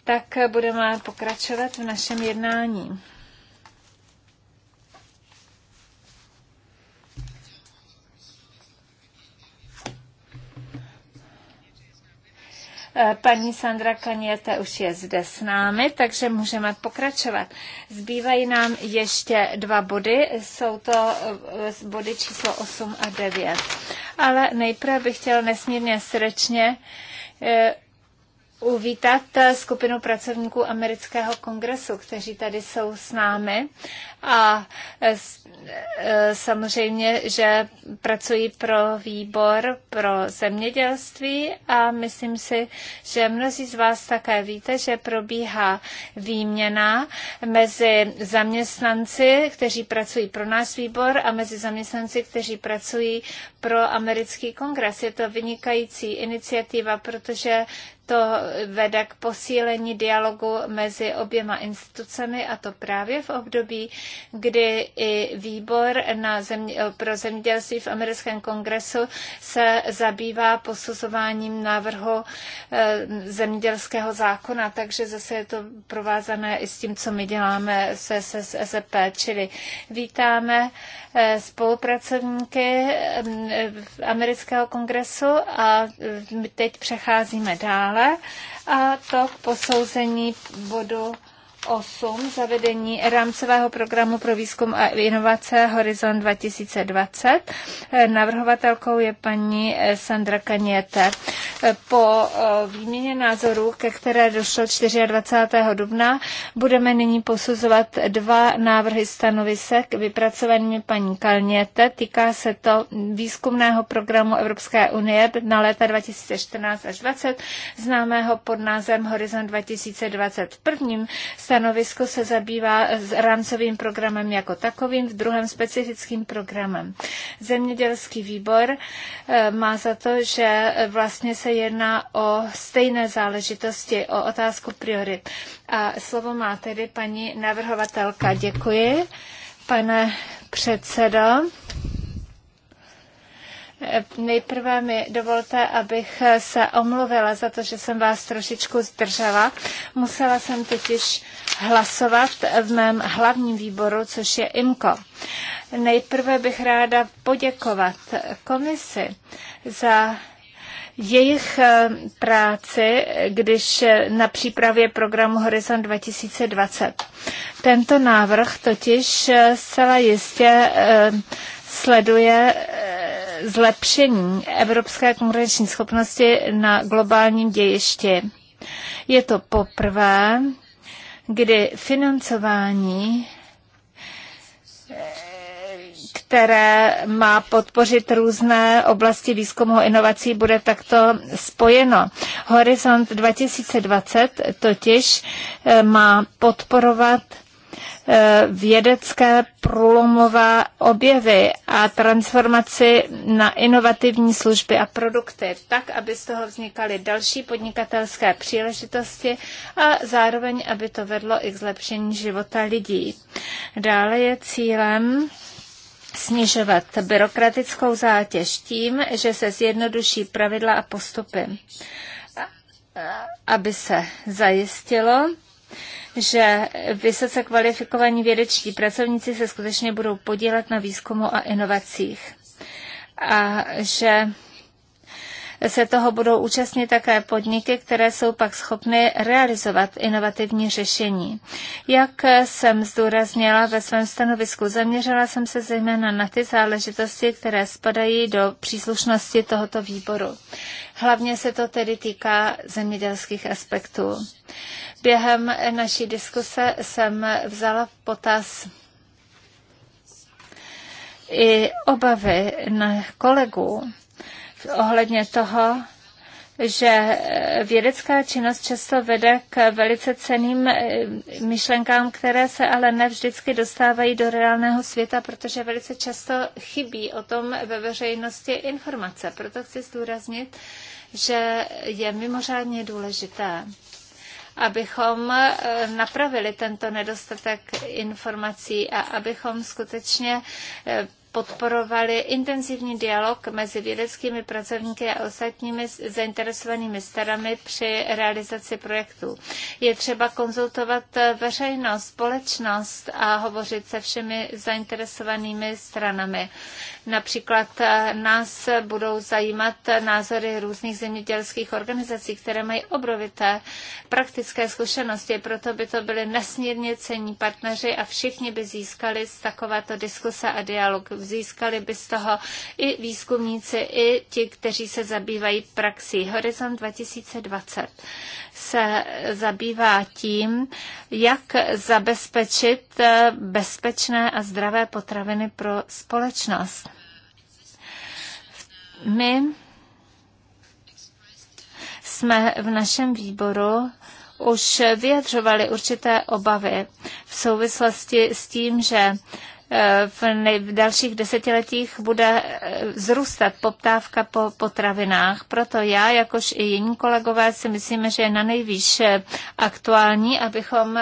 tak budeme pokračovat v našem jednání. Eh, paní Sandra Kaněte už je zde s námi, takže můžeme pokračovat. Zbývají nám ještě dva body, jsou to eh, body číslo 8 a 9. Ale nejprve bych chtěla nesmírně srdečně eh, uvítat skupinu pracovníků amerického kongresu, kteří tady jsou s námi a e, e, samozřejmě, že pracují pro výbor pro zemědělství a myslím si, že mnozí z vás také víte, že probíhá výměna mezi zaměstnanci, kteří pracují pro náš výbor a mezi zaměstnanci, kteří pracují pro americký kongres. Je to vynikající iniciativa, protože to vede k posílení dialogu mezi oběma institucemi a to právě v období, kdy i výbor na země, pro zemědělství v americkém kongresu se zabývá posuzováním návrhu eh, zemědělského zákona, takže zase je to provázané i s tím, co my děláme se, se, čili vítáme Eh, spolupracovníky eh, amerického kongresu a eh, teď přecházíme dále a to k posouzení bodu 8 zavedení rámcového programu pro výzkum a inovace Horizon 2020. Navrhovatelkou je paní eh, Sandra Kaněte. Po eh, výměně názorů, ke které došlo 24. dubna, budeme nyní posuzovat dva návrhy stanovisek vypracovanými paní Kalněte. Týká se to výzkumného programu Evropské unie na léta 2014 až 2020, známého pod názvem Horizon 2020. V prvním stanovisko se zabývá s rámcovým programem jako takovým, v druhém specifickým programem. Zemědělský výbor e, má za to, že vlastně se jedná o stejné záležitosti, o otázku priorit. A slovo má tedy paní navrhovatelka. Děkuji, pane předsedo. Nejprve mi dovolte, abych se omluvila za to, že jsem vás trošičku zdržela. Musela jsem totiž hlasovat v mém hlavním výboru, což je IMCO. Nejprve bych ráda poděkovat komisi za jejich eh, práci, když eh, na přípravě programu Horizon 2020. Tento návrh totiž eh, zcela jistě sleduje zlepšení evropské konkurenční schopnosti na globálním dějišti. Je to poprvé, kdy financování které má podpořit různé oblasti výzkumu a inovací, bude takto spojeno. Horizont 2020 totiž eh, má podporovat Eh, vědecké průlomové objevy a transformaci na inovativní služby a produkty, tak, aby z toho vznikaly další podnikatelské příležitosti a zároveň, aby to vedlo i k zlepšení života lidí. Dále je cílem snižovat byrokratickou zátěž tím, že se zjednoduší pravidla a postupy, aby se zajistilo, že vysoce kvalifikovaní vědečtí pracovníci se skutečně budou podílet na výzkumu a inovacích. A že se toho budou účastnit také podniky, které jsou pak schopny realizovat inovativní řešení. Jak jsem zdůraznila ve svém stanovisku, zaměřila jsem se zejména na ty záležitosti, které spadají do příslušnosti tohoto výboru. Hlavně se to tedy týká zemědělských aspektů. Během naší diskuse jsem vzala v potaz i obavy na kolegů ohledně toho, že vědecká činnost často vede k velice ceným eh, myšlenkám, které se ale nevždycky dostávají do reálného světa, protože velice často chybí o tom ve veřejnosti informace. Proto chci zdůraznit, že je mimořádně důležité, abychom eh, napravili tento nedostatek informací a abychom skutečně eh, podporovali intenzivní dialog mezi vědeckými pracovníky a ostatními zainteresovanými starami při realizaci projektů. Je třeba konzultovat eh, veřejnost, společnost a hovořit se všemi zainteresovanými stranami. Například eh, nás budou zajímat názory různých zemědělských organizací, které mají obrovité praktické zkušenosti, proto by to byly nesmírně cení partneři a všichni by získali z takovéto diskuse a dialog. Získali by z toho i výzkumníci, i ti, kteří se zabývají praxí. Horizont 2020 se zabývá tím, jak zabezpečit eh, bezpečné a zdravé potraviny pro společnost. My jsme v našem výboru už vyjadřovali určité obavy v souvislosti s tím, že v, dalších desetiletích bude eh, zrůstat poptávka po potravinách. Proto já, jakož i jiní kolegové, si myslíme, že je na nejvýš eh, aktuální, abychom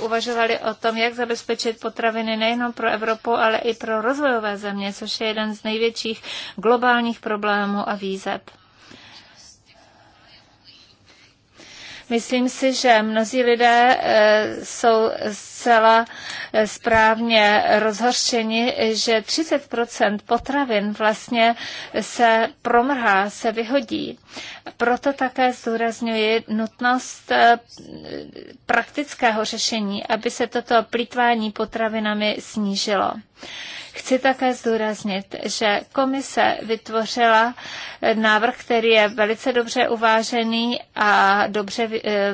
uvažovali o tom, jak zabezpečit potraviny nejenom pro Evropu, ale i pro rozvojové země, což je jeden z největších globálních problémů a výzev. Myslím si, že mnozí lidé eh, jsou zcela eh, správně rozhořčeni, že 30 potravin vlastně se promrhá, se vyhodí. Proto také zdůrazňuji nutnost eh, praktického řešení, aby se toto plítvání potravinami snížilo. Chci také zdůraznit, že komise vytvořila eh, návrh, který je velice dobře uvážený a dobře eh,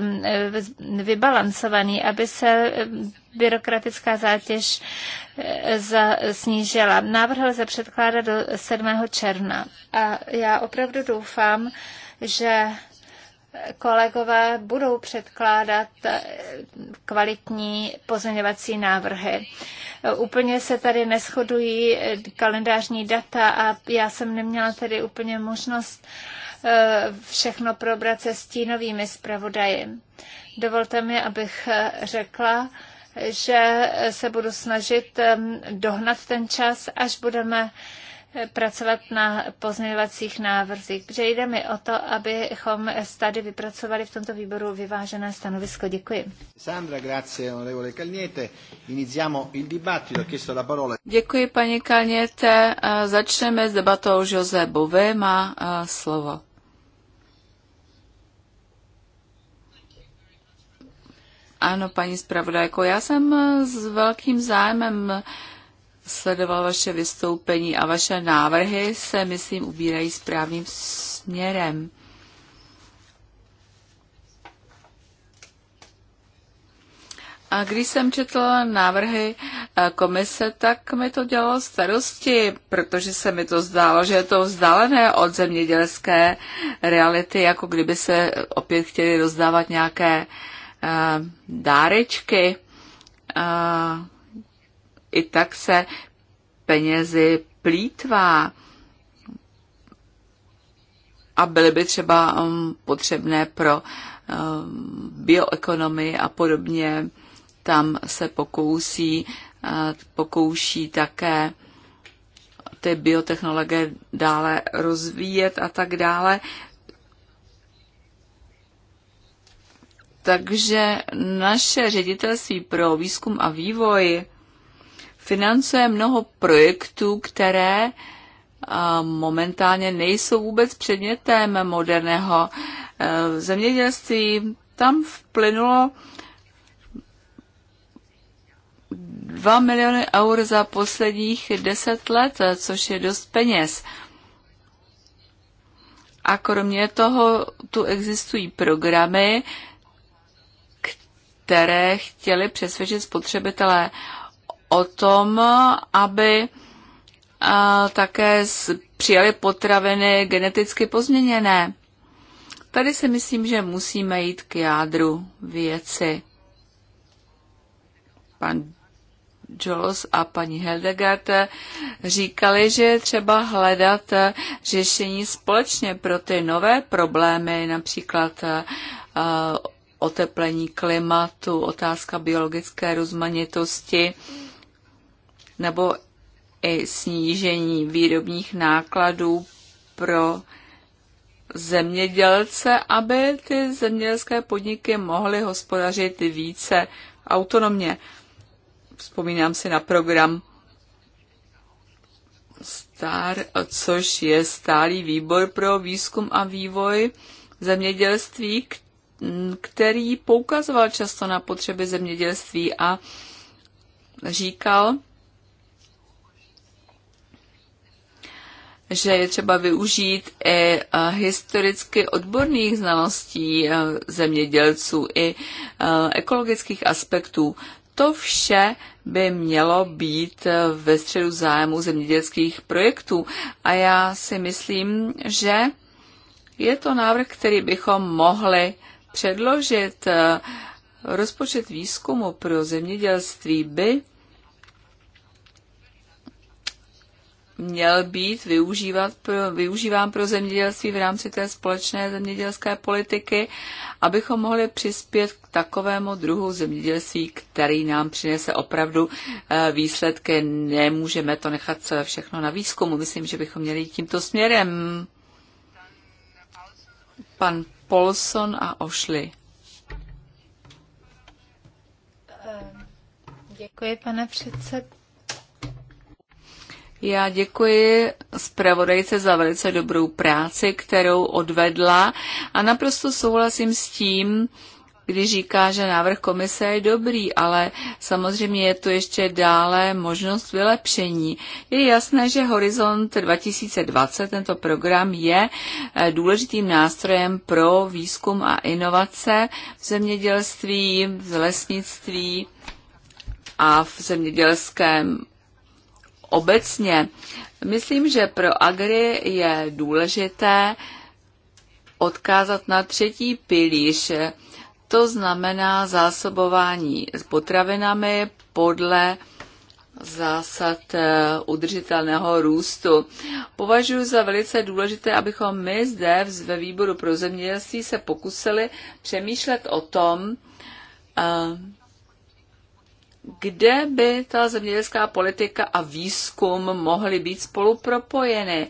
vybalancovaný, aby se eh, byrokratická zátěž za, snížila. Návrh lze předkládat do 7. června. A já opravdu doufám, že kolegové budou předkládat kvalitní pozměňovací návrhy. Úplně se tady neschodují kalendářní data a já jsem neměla tady úplně možnost eh, všechno probrat se stínovými zpravodaji. Dovolte mi, abych eh, řekla, že se budu snažit ehm, dohnat ten čas, až budeme pracovat na pozměňovacích návrzích, protože jde mi o to, abychom tady vypracovali v tomto výboru vyvážené stanovisko. Děkuji. Sandra, grazie, onorevole Calniete. Iniziamo il dibattito, chiesto la parola. Děkuji, paní Calniete. Eh, začneme s debatou Jose Bové má eh, slovo. Ano, paní zpravodajko, já jsem eh, s velkým zájmem uh, sledoval vaše vystoupení a vaše návrhy se, myslím, ubírají správným směrem. A když jsem četla návrhy eh, komise, tak mi to dělalo starosti, protože se mi to zdálo, že je to vzdálené od zemědělské reality, jako kdyby se opět chtěli rozdávat nějaké uh, dárečky. Uh, i tak se penězi plítvá a byly by třeba um, potřebné pro um, bioekonomii a podobně. Tam se pokousí, uh, pokouší také ty biotechnologie dále rozvíjet a tak dále. Takže naše ředitelství pro výzkum a vývoj financuje mnoho projektů, které momentálně nejsou vůbec předmětem moderného e, zemědělství. Tam vplynulo 2 miliony eur za posledních 10 let, což je dost peněz. A kromě toho tu existují programy, které chtěly přesvědčit spotřebitelé o tom, aby také přijali potraviny geneticky pozměněné. Tady si myslím, že musíme jít k jádru věci. Pan Jules a paní Heldegard říkali, že je třeba hledat řešení společně pro ty nové problémy, například oteplení klimatu, otázka biologické rozmanitosti nebo i snížení výrobních nákladů pro zemědělce, aby ty zemědělské podniky mohly hospodařit více autonomně. Vzpomínám si na program STAR, což je stálý výbor pro výzkum a vývoj zemědělství, který poukazoval často na potřeby zemědělství a říkal, že je třeba využít i eh, historicky odborných znalostí eh, zemědělců i eh, ekologických aspektů. To vše by mělo být ve středu zájmu zemědělských projektů a já si myslím, že je to návrh, který bychom mohli předložit. Rozpočet výzkumu pro zemědělství by měl být využívat pro, využíván pro zemědělství v rámci té společné zemědělské politiky, abychom mohli přispět k takovému druhu zemědělství, který nám přinese opravdu eh, výsledky. Nemůžeme to nechat celé všechno na výzkumu. Myslím, že bychom měli jít tímto směrem. Pan Polson a Ošli. Eh, děkuji, pane předsed, já děkuji zpravodajce za velice dobrou práci, kterou odvedla a naprosto souhlasím s tím, když říká, že návrh komise je dobrý, ale samozřejmě je tu ještě dále možnost vylepšení. Je jasné, že Horizont 2020, tento program, je eh, důležitým nástrojem pro výzkum a inovace v zemědělství, v lesnictví a v zemědělském obecně. Myslím, že pro Agri je důležité odkázat na třetí pilíř, to znamená zásobování s potravinami podle zásad eh, udržitelného růstu. Považuji za velice důležité, abychom my zde ve výboru pro zemědělství se pokusili přemýšlet o tom, eh, kde by ta zemědělská politika a výzkum mohly být spolu propojeny.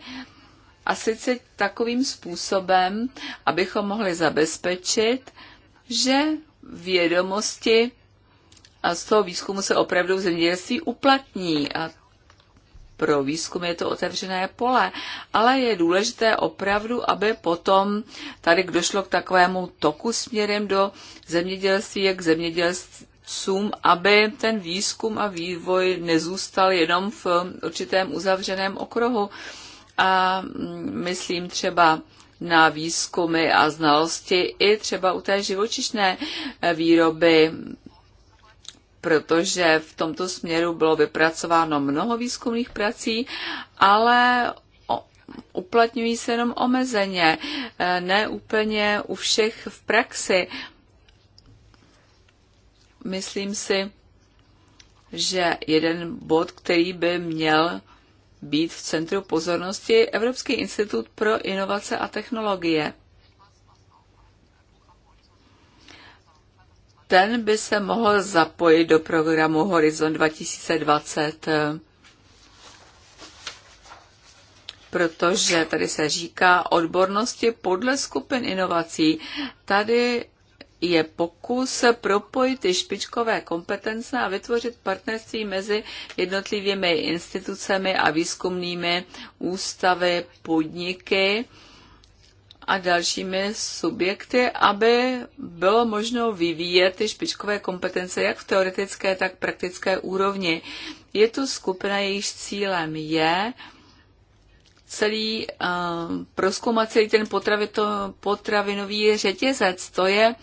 A sice takovým způsobem, abychom mohli zabezpečit, že vědomosti a z toho výzkumu se opravdu v zemědělství uplatní. A pro výzkum je to otevřené pole, ale je důležité opravdu, aby potom tady došlo k takovému toku směrem do zemědělství, jak zemědělství, vědcům, aby ten výzkum a vývoj nezůstal jenom v určitém uzavřeném okruhu. A mm, myslím třeba na výzkumy a znalosti i třeba u té živočišné eh, výroby, protože v tomto směru bylo vypracováno mnoho výzkumných prací, ale uplatňují se jenom omezeně, eh, ne úplně u všech v praxi myslím si, že jeden bod, který by měl být v centru pozornosti, je Evropský institut pro inovace a technologie. Ten by se mohl zapojit do programu Horizon 2020, protože tady se říká odbornosti podle skupin inovací. Tady je pokus propojit ty špičkové kompetence a vytvořit partnerství mezi jednotlivými institucemi a výzkumnými ústavy, podniky a dalšími subjekty, aby bylo možno vyvíjet ty špičkové kompetence jak v teoretické, tak v praktické úrovni. Je tu skupina, jejíž cílem je celý, uh, eh, proskoumat celý ten potravito, potravinový řetězec. To je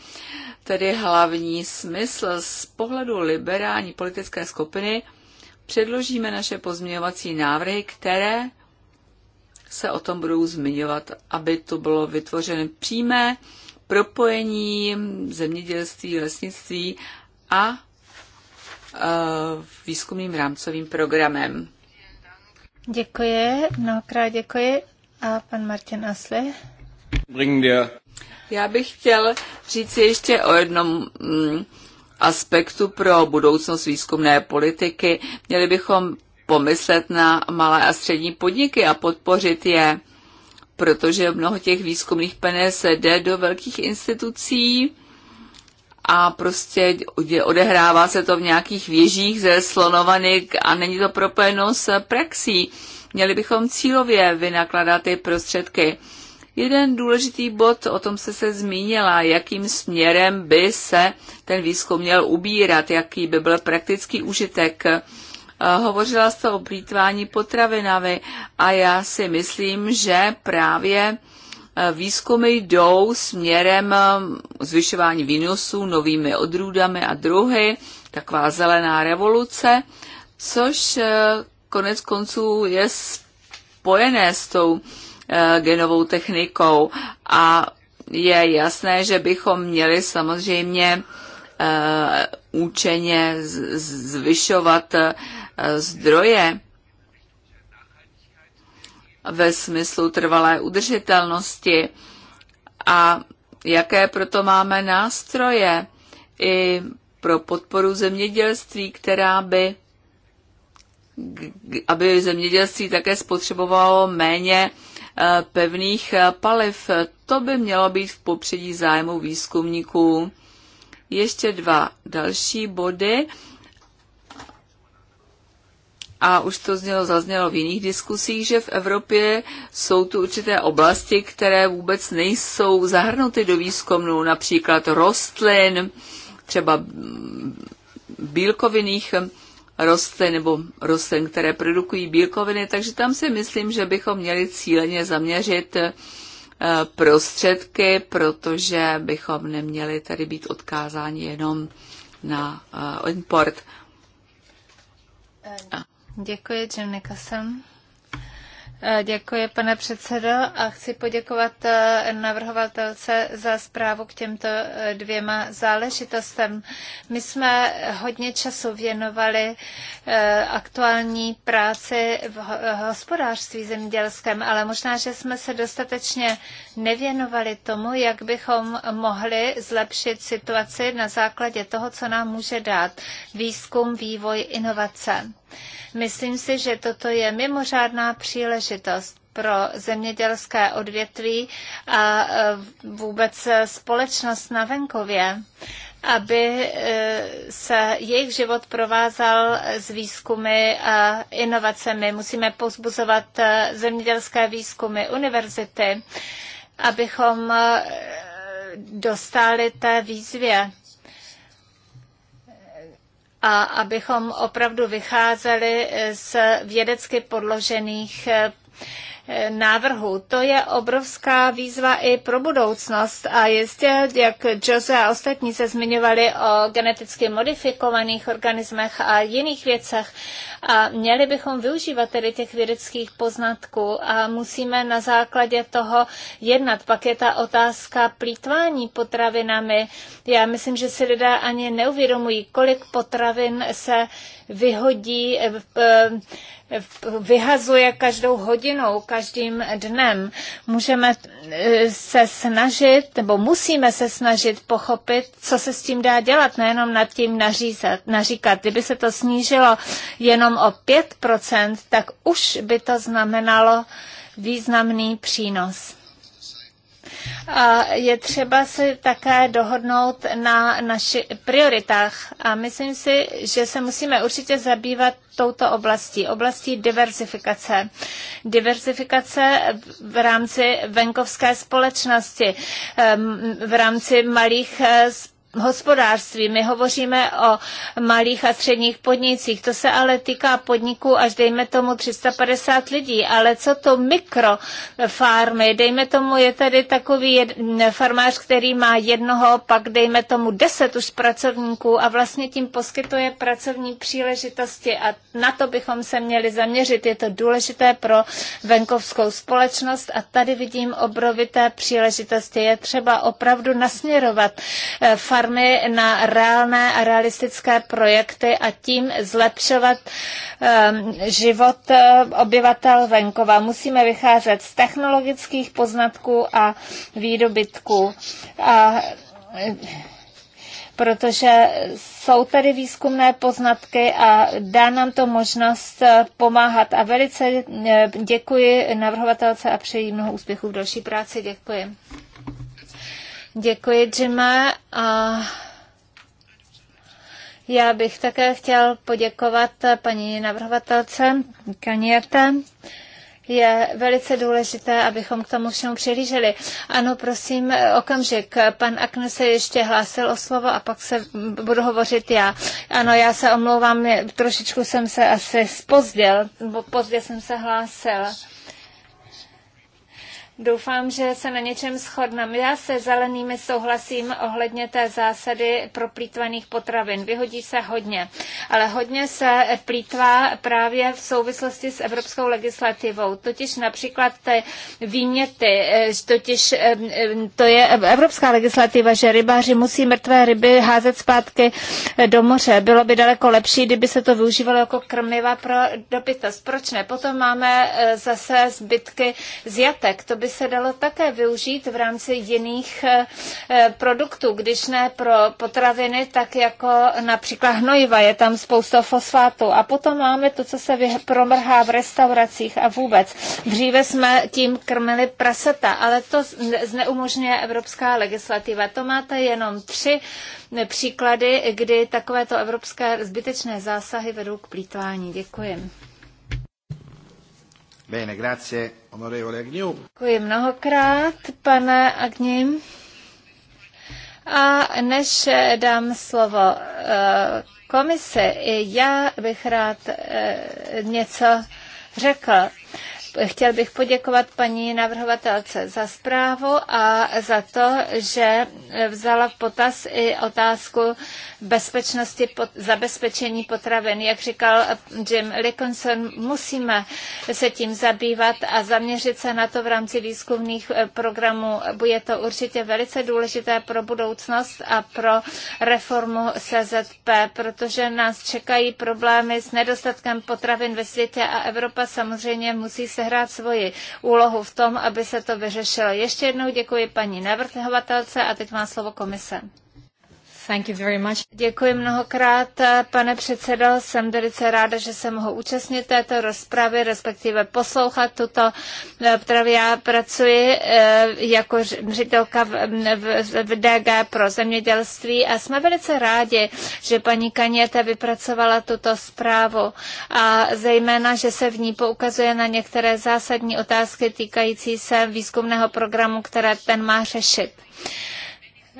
tedy hlavní smysl z pohledu liberální politické skupiny. Předložíme naše pozměňovací návrhy, které se o tom budou zmiňovat, aby to bylo vytvořeno přímé propojení zemědělství, lesnictví a uh, výzkumným rámcovým programem. Děkuji, mnohokrát děkuji. A pan Martin Asli. Já bych chtěl říct ještě o jednom mm, aspektu pro budoucnost výzkumné politiky. Měli bychom pomyslet na malé a střední podniky a podpořit je, protože mnoho těch výzkumných peněz jde do velkých institucí, a prostě odehrává se to v nějakých věžích ze slonovanek a není to propojeno s praxí. Měli bychom cílově vynakladat ty prostředky. Jeden důležitý bod, o tom se se zmínila, jakým směrem by se ten výzkum měl ubírat, jaký by byl praktický užitek. Eh, hovořila jste o plítvání potravinami a já si myslím, že právě výzkumy jdou směrem eh, zvyšování výnosů novými odrůdami a druhy, taková zelená revoluce, což eh, konec konců je spojené s tou eh, genovou technikou a je jasné, že bychom měli samozřejmě účeně zvyšovat zdroje ve smyslu trvalé udržitelnosti a jaké proto máme nástroje i pro podporu zemědělství, která by aby zemědělství také spotřebovalo méně eh, pevných eh, paliv. To by mělo být v popředí zájmu výzkumníků. Ještě dva další body a už to znělo, zaznělo v jiných diskusích, že v Evropě jsou tu určité oblasti, které vůbec nejsou zahrnuty do výzkumu, například rostlin, třeba bílkovinných rostlin nebo rostlin, které produkují bílkoviny, takže tam si myslím, že bychom měli cíleně zaměřit eh, prostředky, protože bychom neměli tady být odkázáni jenom na eh, import. Eh, Děkuji, Jim Nicholson. E, děkuji, pane předsedo, a chci poděkovat e, navrhovatelce za zprávu k těmto e, dvěma záležitostem. My jsme hodně času věnovali aktuální práci v hospodářství zemědělském, ale možná, že jsme se dostatečně nevěnovali tomu, jak bychom mohli zlepšit situaci na základě toho, co nám může dát výzkum, vývoj, inovace. Myslím si, že toto je mimořádná příležitost pro zemědělské odvětví a e, vůbec společnost na venkově aby e, se jejich život provázal s výzkumy a inovacemi. Musíme pozbuzovat e, zemědělské výzkumy, univerzity, abychom eh, dostali té výzvě a abychom opravdu vycházeli eh, z vědecky podložených eh, návrhu. To je obrovská výzva i pro budoucnost a jistě, jak Jose a ostatní se zmiňovali o geneticky modifikovaných organismech a jiných věcech, a měli bychom využívat tedy těch vědeckých poznatků a musíme na základě toho jednat. Pak je ta otázka plítvání potravinami. Já myslím, že si lidé ani neuvědomují, kolik potravin se vyhodí, vyhazuje každou hodinou, každým dnem. Můžeme eh, se snažit, nebo musíme se snažit pochopit, co se s tím dá dělat, nejenom nad tím nařízat, naříkat. Kdyby se to snížilo jenom jenom o 5%, tak už by to znamenalo významný přínos. A je třeba si také dohodnout na našich prioritách a myslím si, že se musíme určitě zabývat touto oblastí, oblastí diversifikace. Diversifikace v rámci venkovské společnosti, ehm, v rámci malých společností eh, hospodářství. My hovoříme o malých a středních podnicích. To se ale týká podniků až dejme tomu 350 lidí. Ale co to mikrofarmy? Dejme tomu, je tady takový jed, farmář, který má jednoho, pak dejme tomu 10 už pracovníků a vlastně tím poskytuje pracovní příležitosti a na to bychom se měli zaměřit. Je to důležité pro venkovskou společnost a tady vidím obrovité příležitosti. Je třeba opravdu nasměrovat eh, farmy farmy na reálné a realistické projekty a tím zlepšovat ehm, život eh, obyvatel venkova. Musíme vycházet z technologických poznatků a výdobytků. A protože jsou tady výzkumné poznatky a dá nám to možnost eh, pomáhat. A velice eh, děkuji navrhovatelce a přeji mnoho úspěchů v další práci. Děkuji. Děkuji, Jimé. A já bych také chtěl poděkovat paní navrhovatelce Kaniete je velice důležité, abychom k tomu všemu přihlíželi. Ano, prosím, okamžik. Pan Akne se ještě hlásil o slovo a pak se budu hovořit já. Ano, já se omlouvám, trošičku jsem se asi spozděl, bo pozdě jsem se hlásil. Doufám, že se na něčem shodneme. Já se zelenými souhlasím ohledně té zásady proplýtvaných potravin. Vyhodí se hodně, ale hodně se plítvá právě v souvislosti s evropskou legislativou. Totiž například ty výměty, eh, totiž eh, to je evropská legislativa, že rybáři musí mrtvé ryby házet zpátky eh, do moře. Bylo by daleko lepší, kdyby se to využívalo jako krmiva pro dobytost. Proč ne? Potom máme zase zbytky z jatek. To by by se dalo také využít v rámci jiných eh, produktů, když ne pro potraviny, tak jako například hnojiva, je tam spousta fosfátu. A potom máme to, co se promrhá v restauracích a vůbec. Dříve jsme tím krmili prasata, ale to zneumožňuje evropská legislativa. To máte jenom tři eh, příklady, kdy takovéto evropské zbytečné zásahy vedou k plítvání. Děkuji. Bene, grazie. Děkuji mnohokrát, pane Agnim. A než dám slovo eh, Komise. já bych rád eh, něco řekl. Chtěl bych poděkovat paní navrhovatelce za zprávu a za to, že vzala v potaz i otázku bezpečnosti pot, zabezpečení potravin. Jak říkal Jim Lickinson, musíme se tím zabývat a zaměřit se na to v rámci výzkumných eh, programů. Bude to určitě velice důležité pro budoucnost a pro reformu SZP, protože nás čekají problémy s nedostatkem potravin ve světě a Evropa samozřejmě musí se sehrát svoji úlohu v tom, aby se to vyřešilo. Ještě jednou děkuji paní navrhovatelce a teď má slovo komise. Thank you very much. Děkuji mnohokrát, eh, pane předsedo. Jsem velice ráda, že se mohu účastnit této rozpravy, respektive poslouchat tuto, eh, protože já pracuji eh, jako ředitelka v, v, v DG pro zemědělství a jsme velice rádi, že paní Kaněte vypracovala tuto zprávu a zejména, že se v ní poukazuje na některé zásadní otázky týkající se výzkumného programu, které ten má řešit.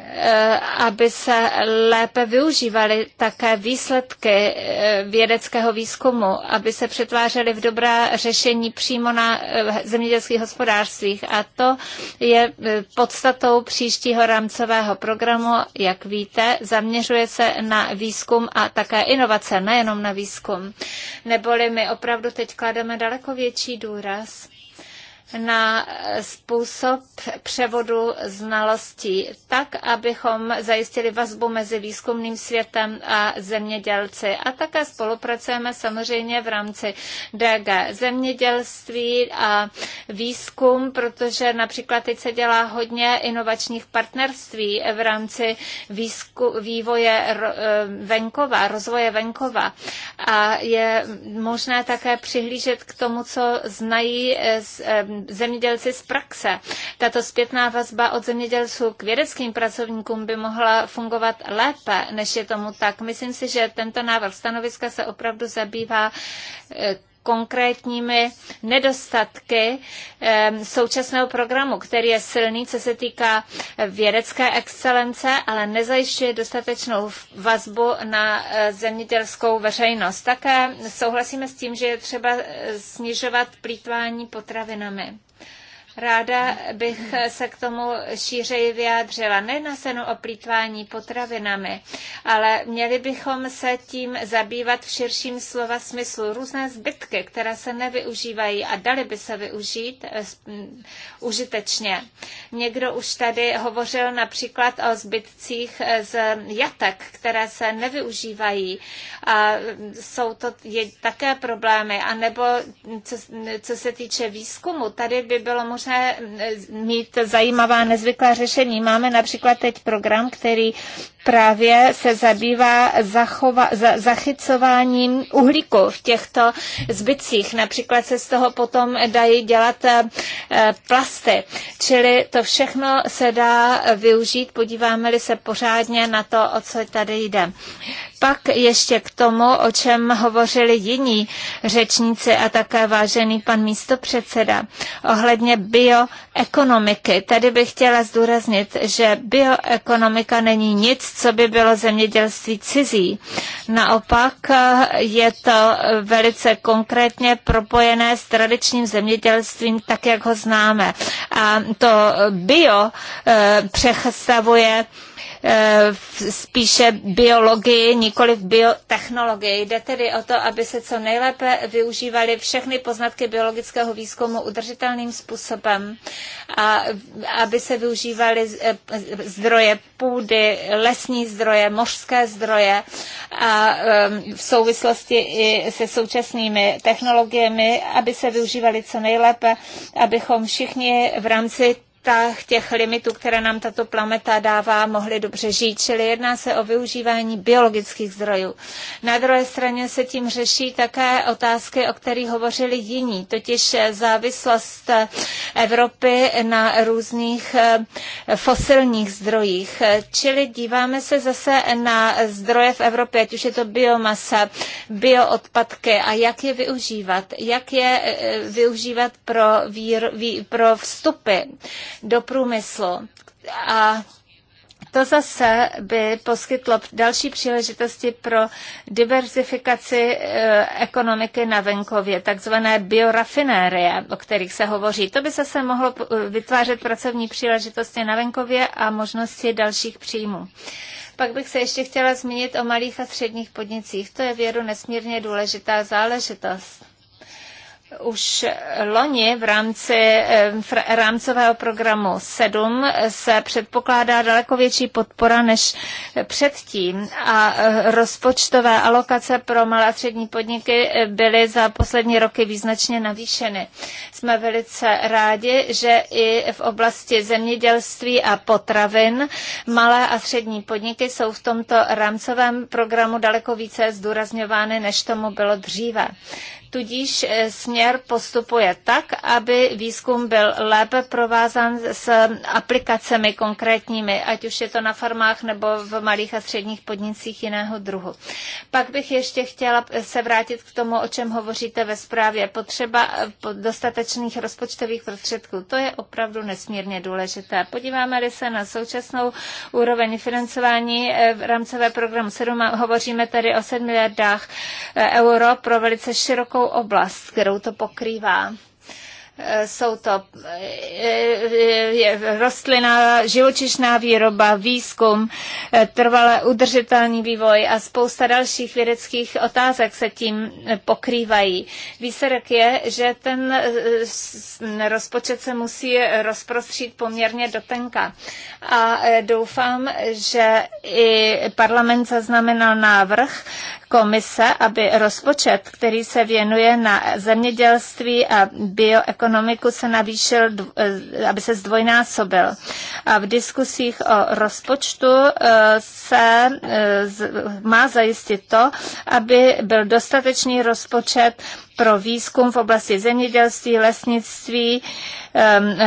Eh, aby se lépe využívaly také výsledky eh, vědeckého výzkumu, aby se přetvářely v dobrá řešení přímo na eh, zemědělských hospodářstvích. A to je podstatou příštího rámcového programu, jak víte, zaměřuje se na výzkum a také inovace, nejenom na výzkum. Neboli my opravdu teď klademe daleko větší důraz na způsob převodu znalostí, tak, abychom zajistili vazbu mezi výzkumným světem a zemědělci. A také spolupracujeme samozřejmě v rámci DG zemědělství a výzkum, protože například teď se dělá hodně inovačních partnerství v rámci výzku, vývoje eh, venkova, rozvoje venkova. A je možné také přihlížet k tomu, co znají eh, z eh, zemědělci z praxe. Tato zpětná vazba od zemědělců k vědeckým pracovníkům by mohla fungovat lépe, než je tomu tak. Myslím si, že tento návrh stanoviska se opravdu zabývá eh, konkrétními nedostatky současného programu, který je silný, co se týká vědecké excelence, ale nezajišťuje dostatečnou vazbu na e, zemědělskou veřejnost. Také souhlasíme s tím, že je třeba e, snižovat plítvání potravinami. Ráda bych se k tomu šířeji vyjádřila. ne na senu o plítvání potravinami, ale měli bychom se tím zabývat v širším slova smyslu. Různé zbytky, které se nevyužívají a daly by se využít eh, užitečně. Někdo už tady hovořil například o zbytcích eh, z jatek, které se nevyužívají a mm, jsou to také problémy. A nebo co, co se týče výzkumu, tady by bylo možné možné mít zajímavá nezvyklá řešení. Máme například teď program, který právě se zabývá zachova, za, zachycováním uhlíku v těchto zbytcích. Například se z toho potom dají dělat eh, plasty. Čili to všechno se dá využít, podíváme-li se pořádně na to, o co tady jde. Pak ještě k tomu, o čem hovořili jiní řečníci a také vážený pan místopředseda ohledně bioekonomiky. Tady bych chtěla zdůraznit, že bioekonomika není nic, co by bylo zemědělství cizí. Naopak je to velice konkrétně propojené s tradičním zemědělstvím, tak jak ho známe. A to bio eh, přestavuje Eh, spíše biologii, nikoli v biotechnologii. Jde tedy o to, aby se co nejlépe využívaly všechny poznatky biologického výzkumu udržitelným způsobem a aby se využívaly eh, zdroje půdy, lesní zdroje, mořské zdroje a v souvislosti i se současnými technologiemi, aby se využívaly co nejlépe, abychom všichni v rámci těch limitů, které nám tato planeta dává, mohli dobře žít. Čili jedná se o využívání biologických zdrojů. Na druhé straně se tím řeší také otázky, o kterých hovořili jiní, totiž závislost Evropy na různých eh, fosilních zdrojích. Čili díváme se zase na zdroje v Evropě, ať už je to biomasa, bioodpadky a jak je využívat, jak je eh, využívat pro, výro, vý, pro vstupy do průmyslu. A to zase by poskytlo další příležitosti pro diverzifikaci e, ekonomiky na venkově, takzvané biorafinérie, o kterých se hovoří. To by zase mohlo vytvářet pracovní příležitosti na venkově a možnosti dalších příjmů. Pak bych se ještě chtěla zmínit o malých a středních podnicích. To je věru nesmírně důležitá záležitost. Už loni v rámci eh, rámcového programu 7 se předpokládá daleko větší podpora než předtím a eh, rozpočtové alokace pro malé a střední podniky eh, byly za poslední roky význačně navýšeny. Jsme velice rádi, že i v oblasti zemědělství a potravin malé a střední podniky jsou v tomto rámcovém programu daleko více zdůrazňovány, než tomu bylo dříve tudíž eh, směr postupuje tak, aby výzkum byl lépe provázan s aplikacemi konkrétními, ať už je to na farmách nebo v malých a středních podnicích jiného druhu. Pak bych ještě chtěla eh, se vrátit k tomu, o čem hovoříte ve zprávě. Potřeba eh, dostatečných rozpočtových prostředků. To je opravdu nesmírně důležité. Podíváme-li se na současnou úroveň financování v rámcové programu 7, hovoříme tady o 7 miliardách euro pro velice širokou celou oblast, kterou to pokrývá eh, jsou to eh, eh, rostlina, živočišná výroba, výzkum, trvalé udržitelný vývoj a spousta dalších vědeckých otázek se tím pokrývají. Výsledek je, že ten rozpočet se musí rozprostřít poměrně do tenka A doufám, že i parlament zaznamenal návrh, komise, aby rozpočet, který se věnuje na zemědělství a bioekonomiku, se navýšil, eh, aby se zdvojnásobil. A v diskusích o rozpočtu eh, se eh, má zajistit to, aby byl dostatečný rozpočet pro výzkum v oblasti zemědělství, lesnictví,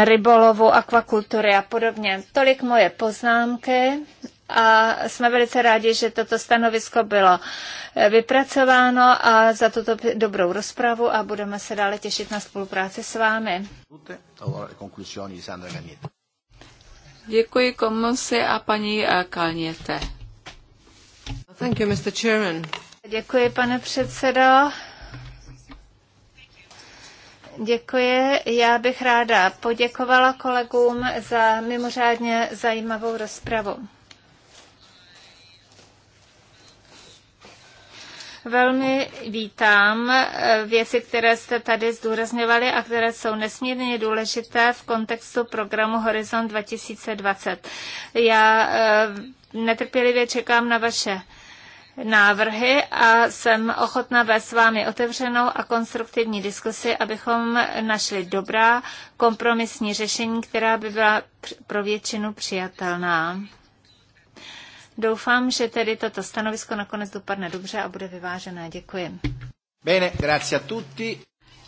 rybolovu, akvakultury a podobně. Tolik moje poznámky a jsme velice rádi, že toto stanovisko bylo eh, vypracováno a za tuto dobrou rozpravu a budeme se dále těšit na spolupráci s vámi. Děkuji komisi a paní eh, Kalněte. Thank you, Mr. Chairman. Děkuji, pane předsedo. Děkuji. Já bych ráda poděkovala kolegům za mimořádně zajímavou rozpravu. Velmi vítám eh, věci, které jste tady zdůrazňovali a které jsou nesmírně důležité v kontextu programu Horizon 2020. Já eh, netrpělivě čekám na vaše návrhy a jsem ochotna vést s vámi otevřenou a konstruktivní diskusi, abychom našli dobrá kompromisní řešení, která by byla pro většinu přijatelná. Doufám, že tedy toto stanovisko nakonec dopadne dobře a bude vyvážené. Děkuji. Bene, grazie a tutti.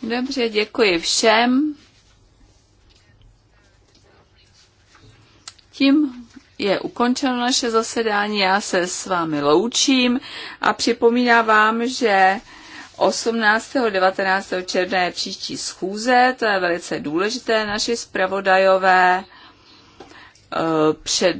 Dobře, děkuji všem. Tím je ukončeno naše zasedání, já se s vámi loučím a připomínám vám, že 18. 19. června je příští schůze, to je velice důležité, naši zpravodajové eh, před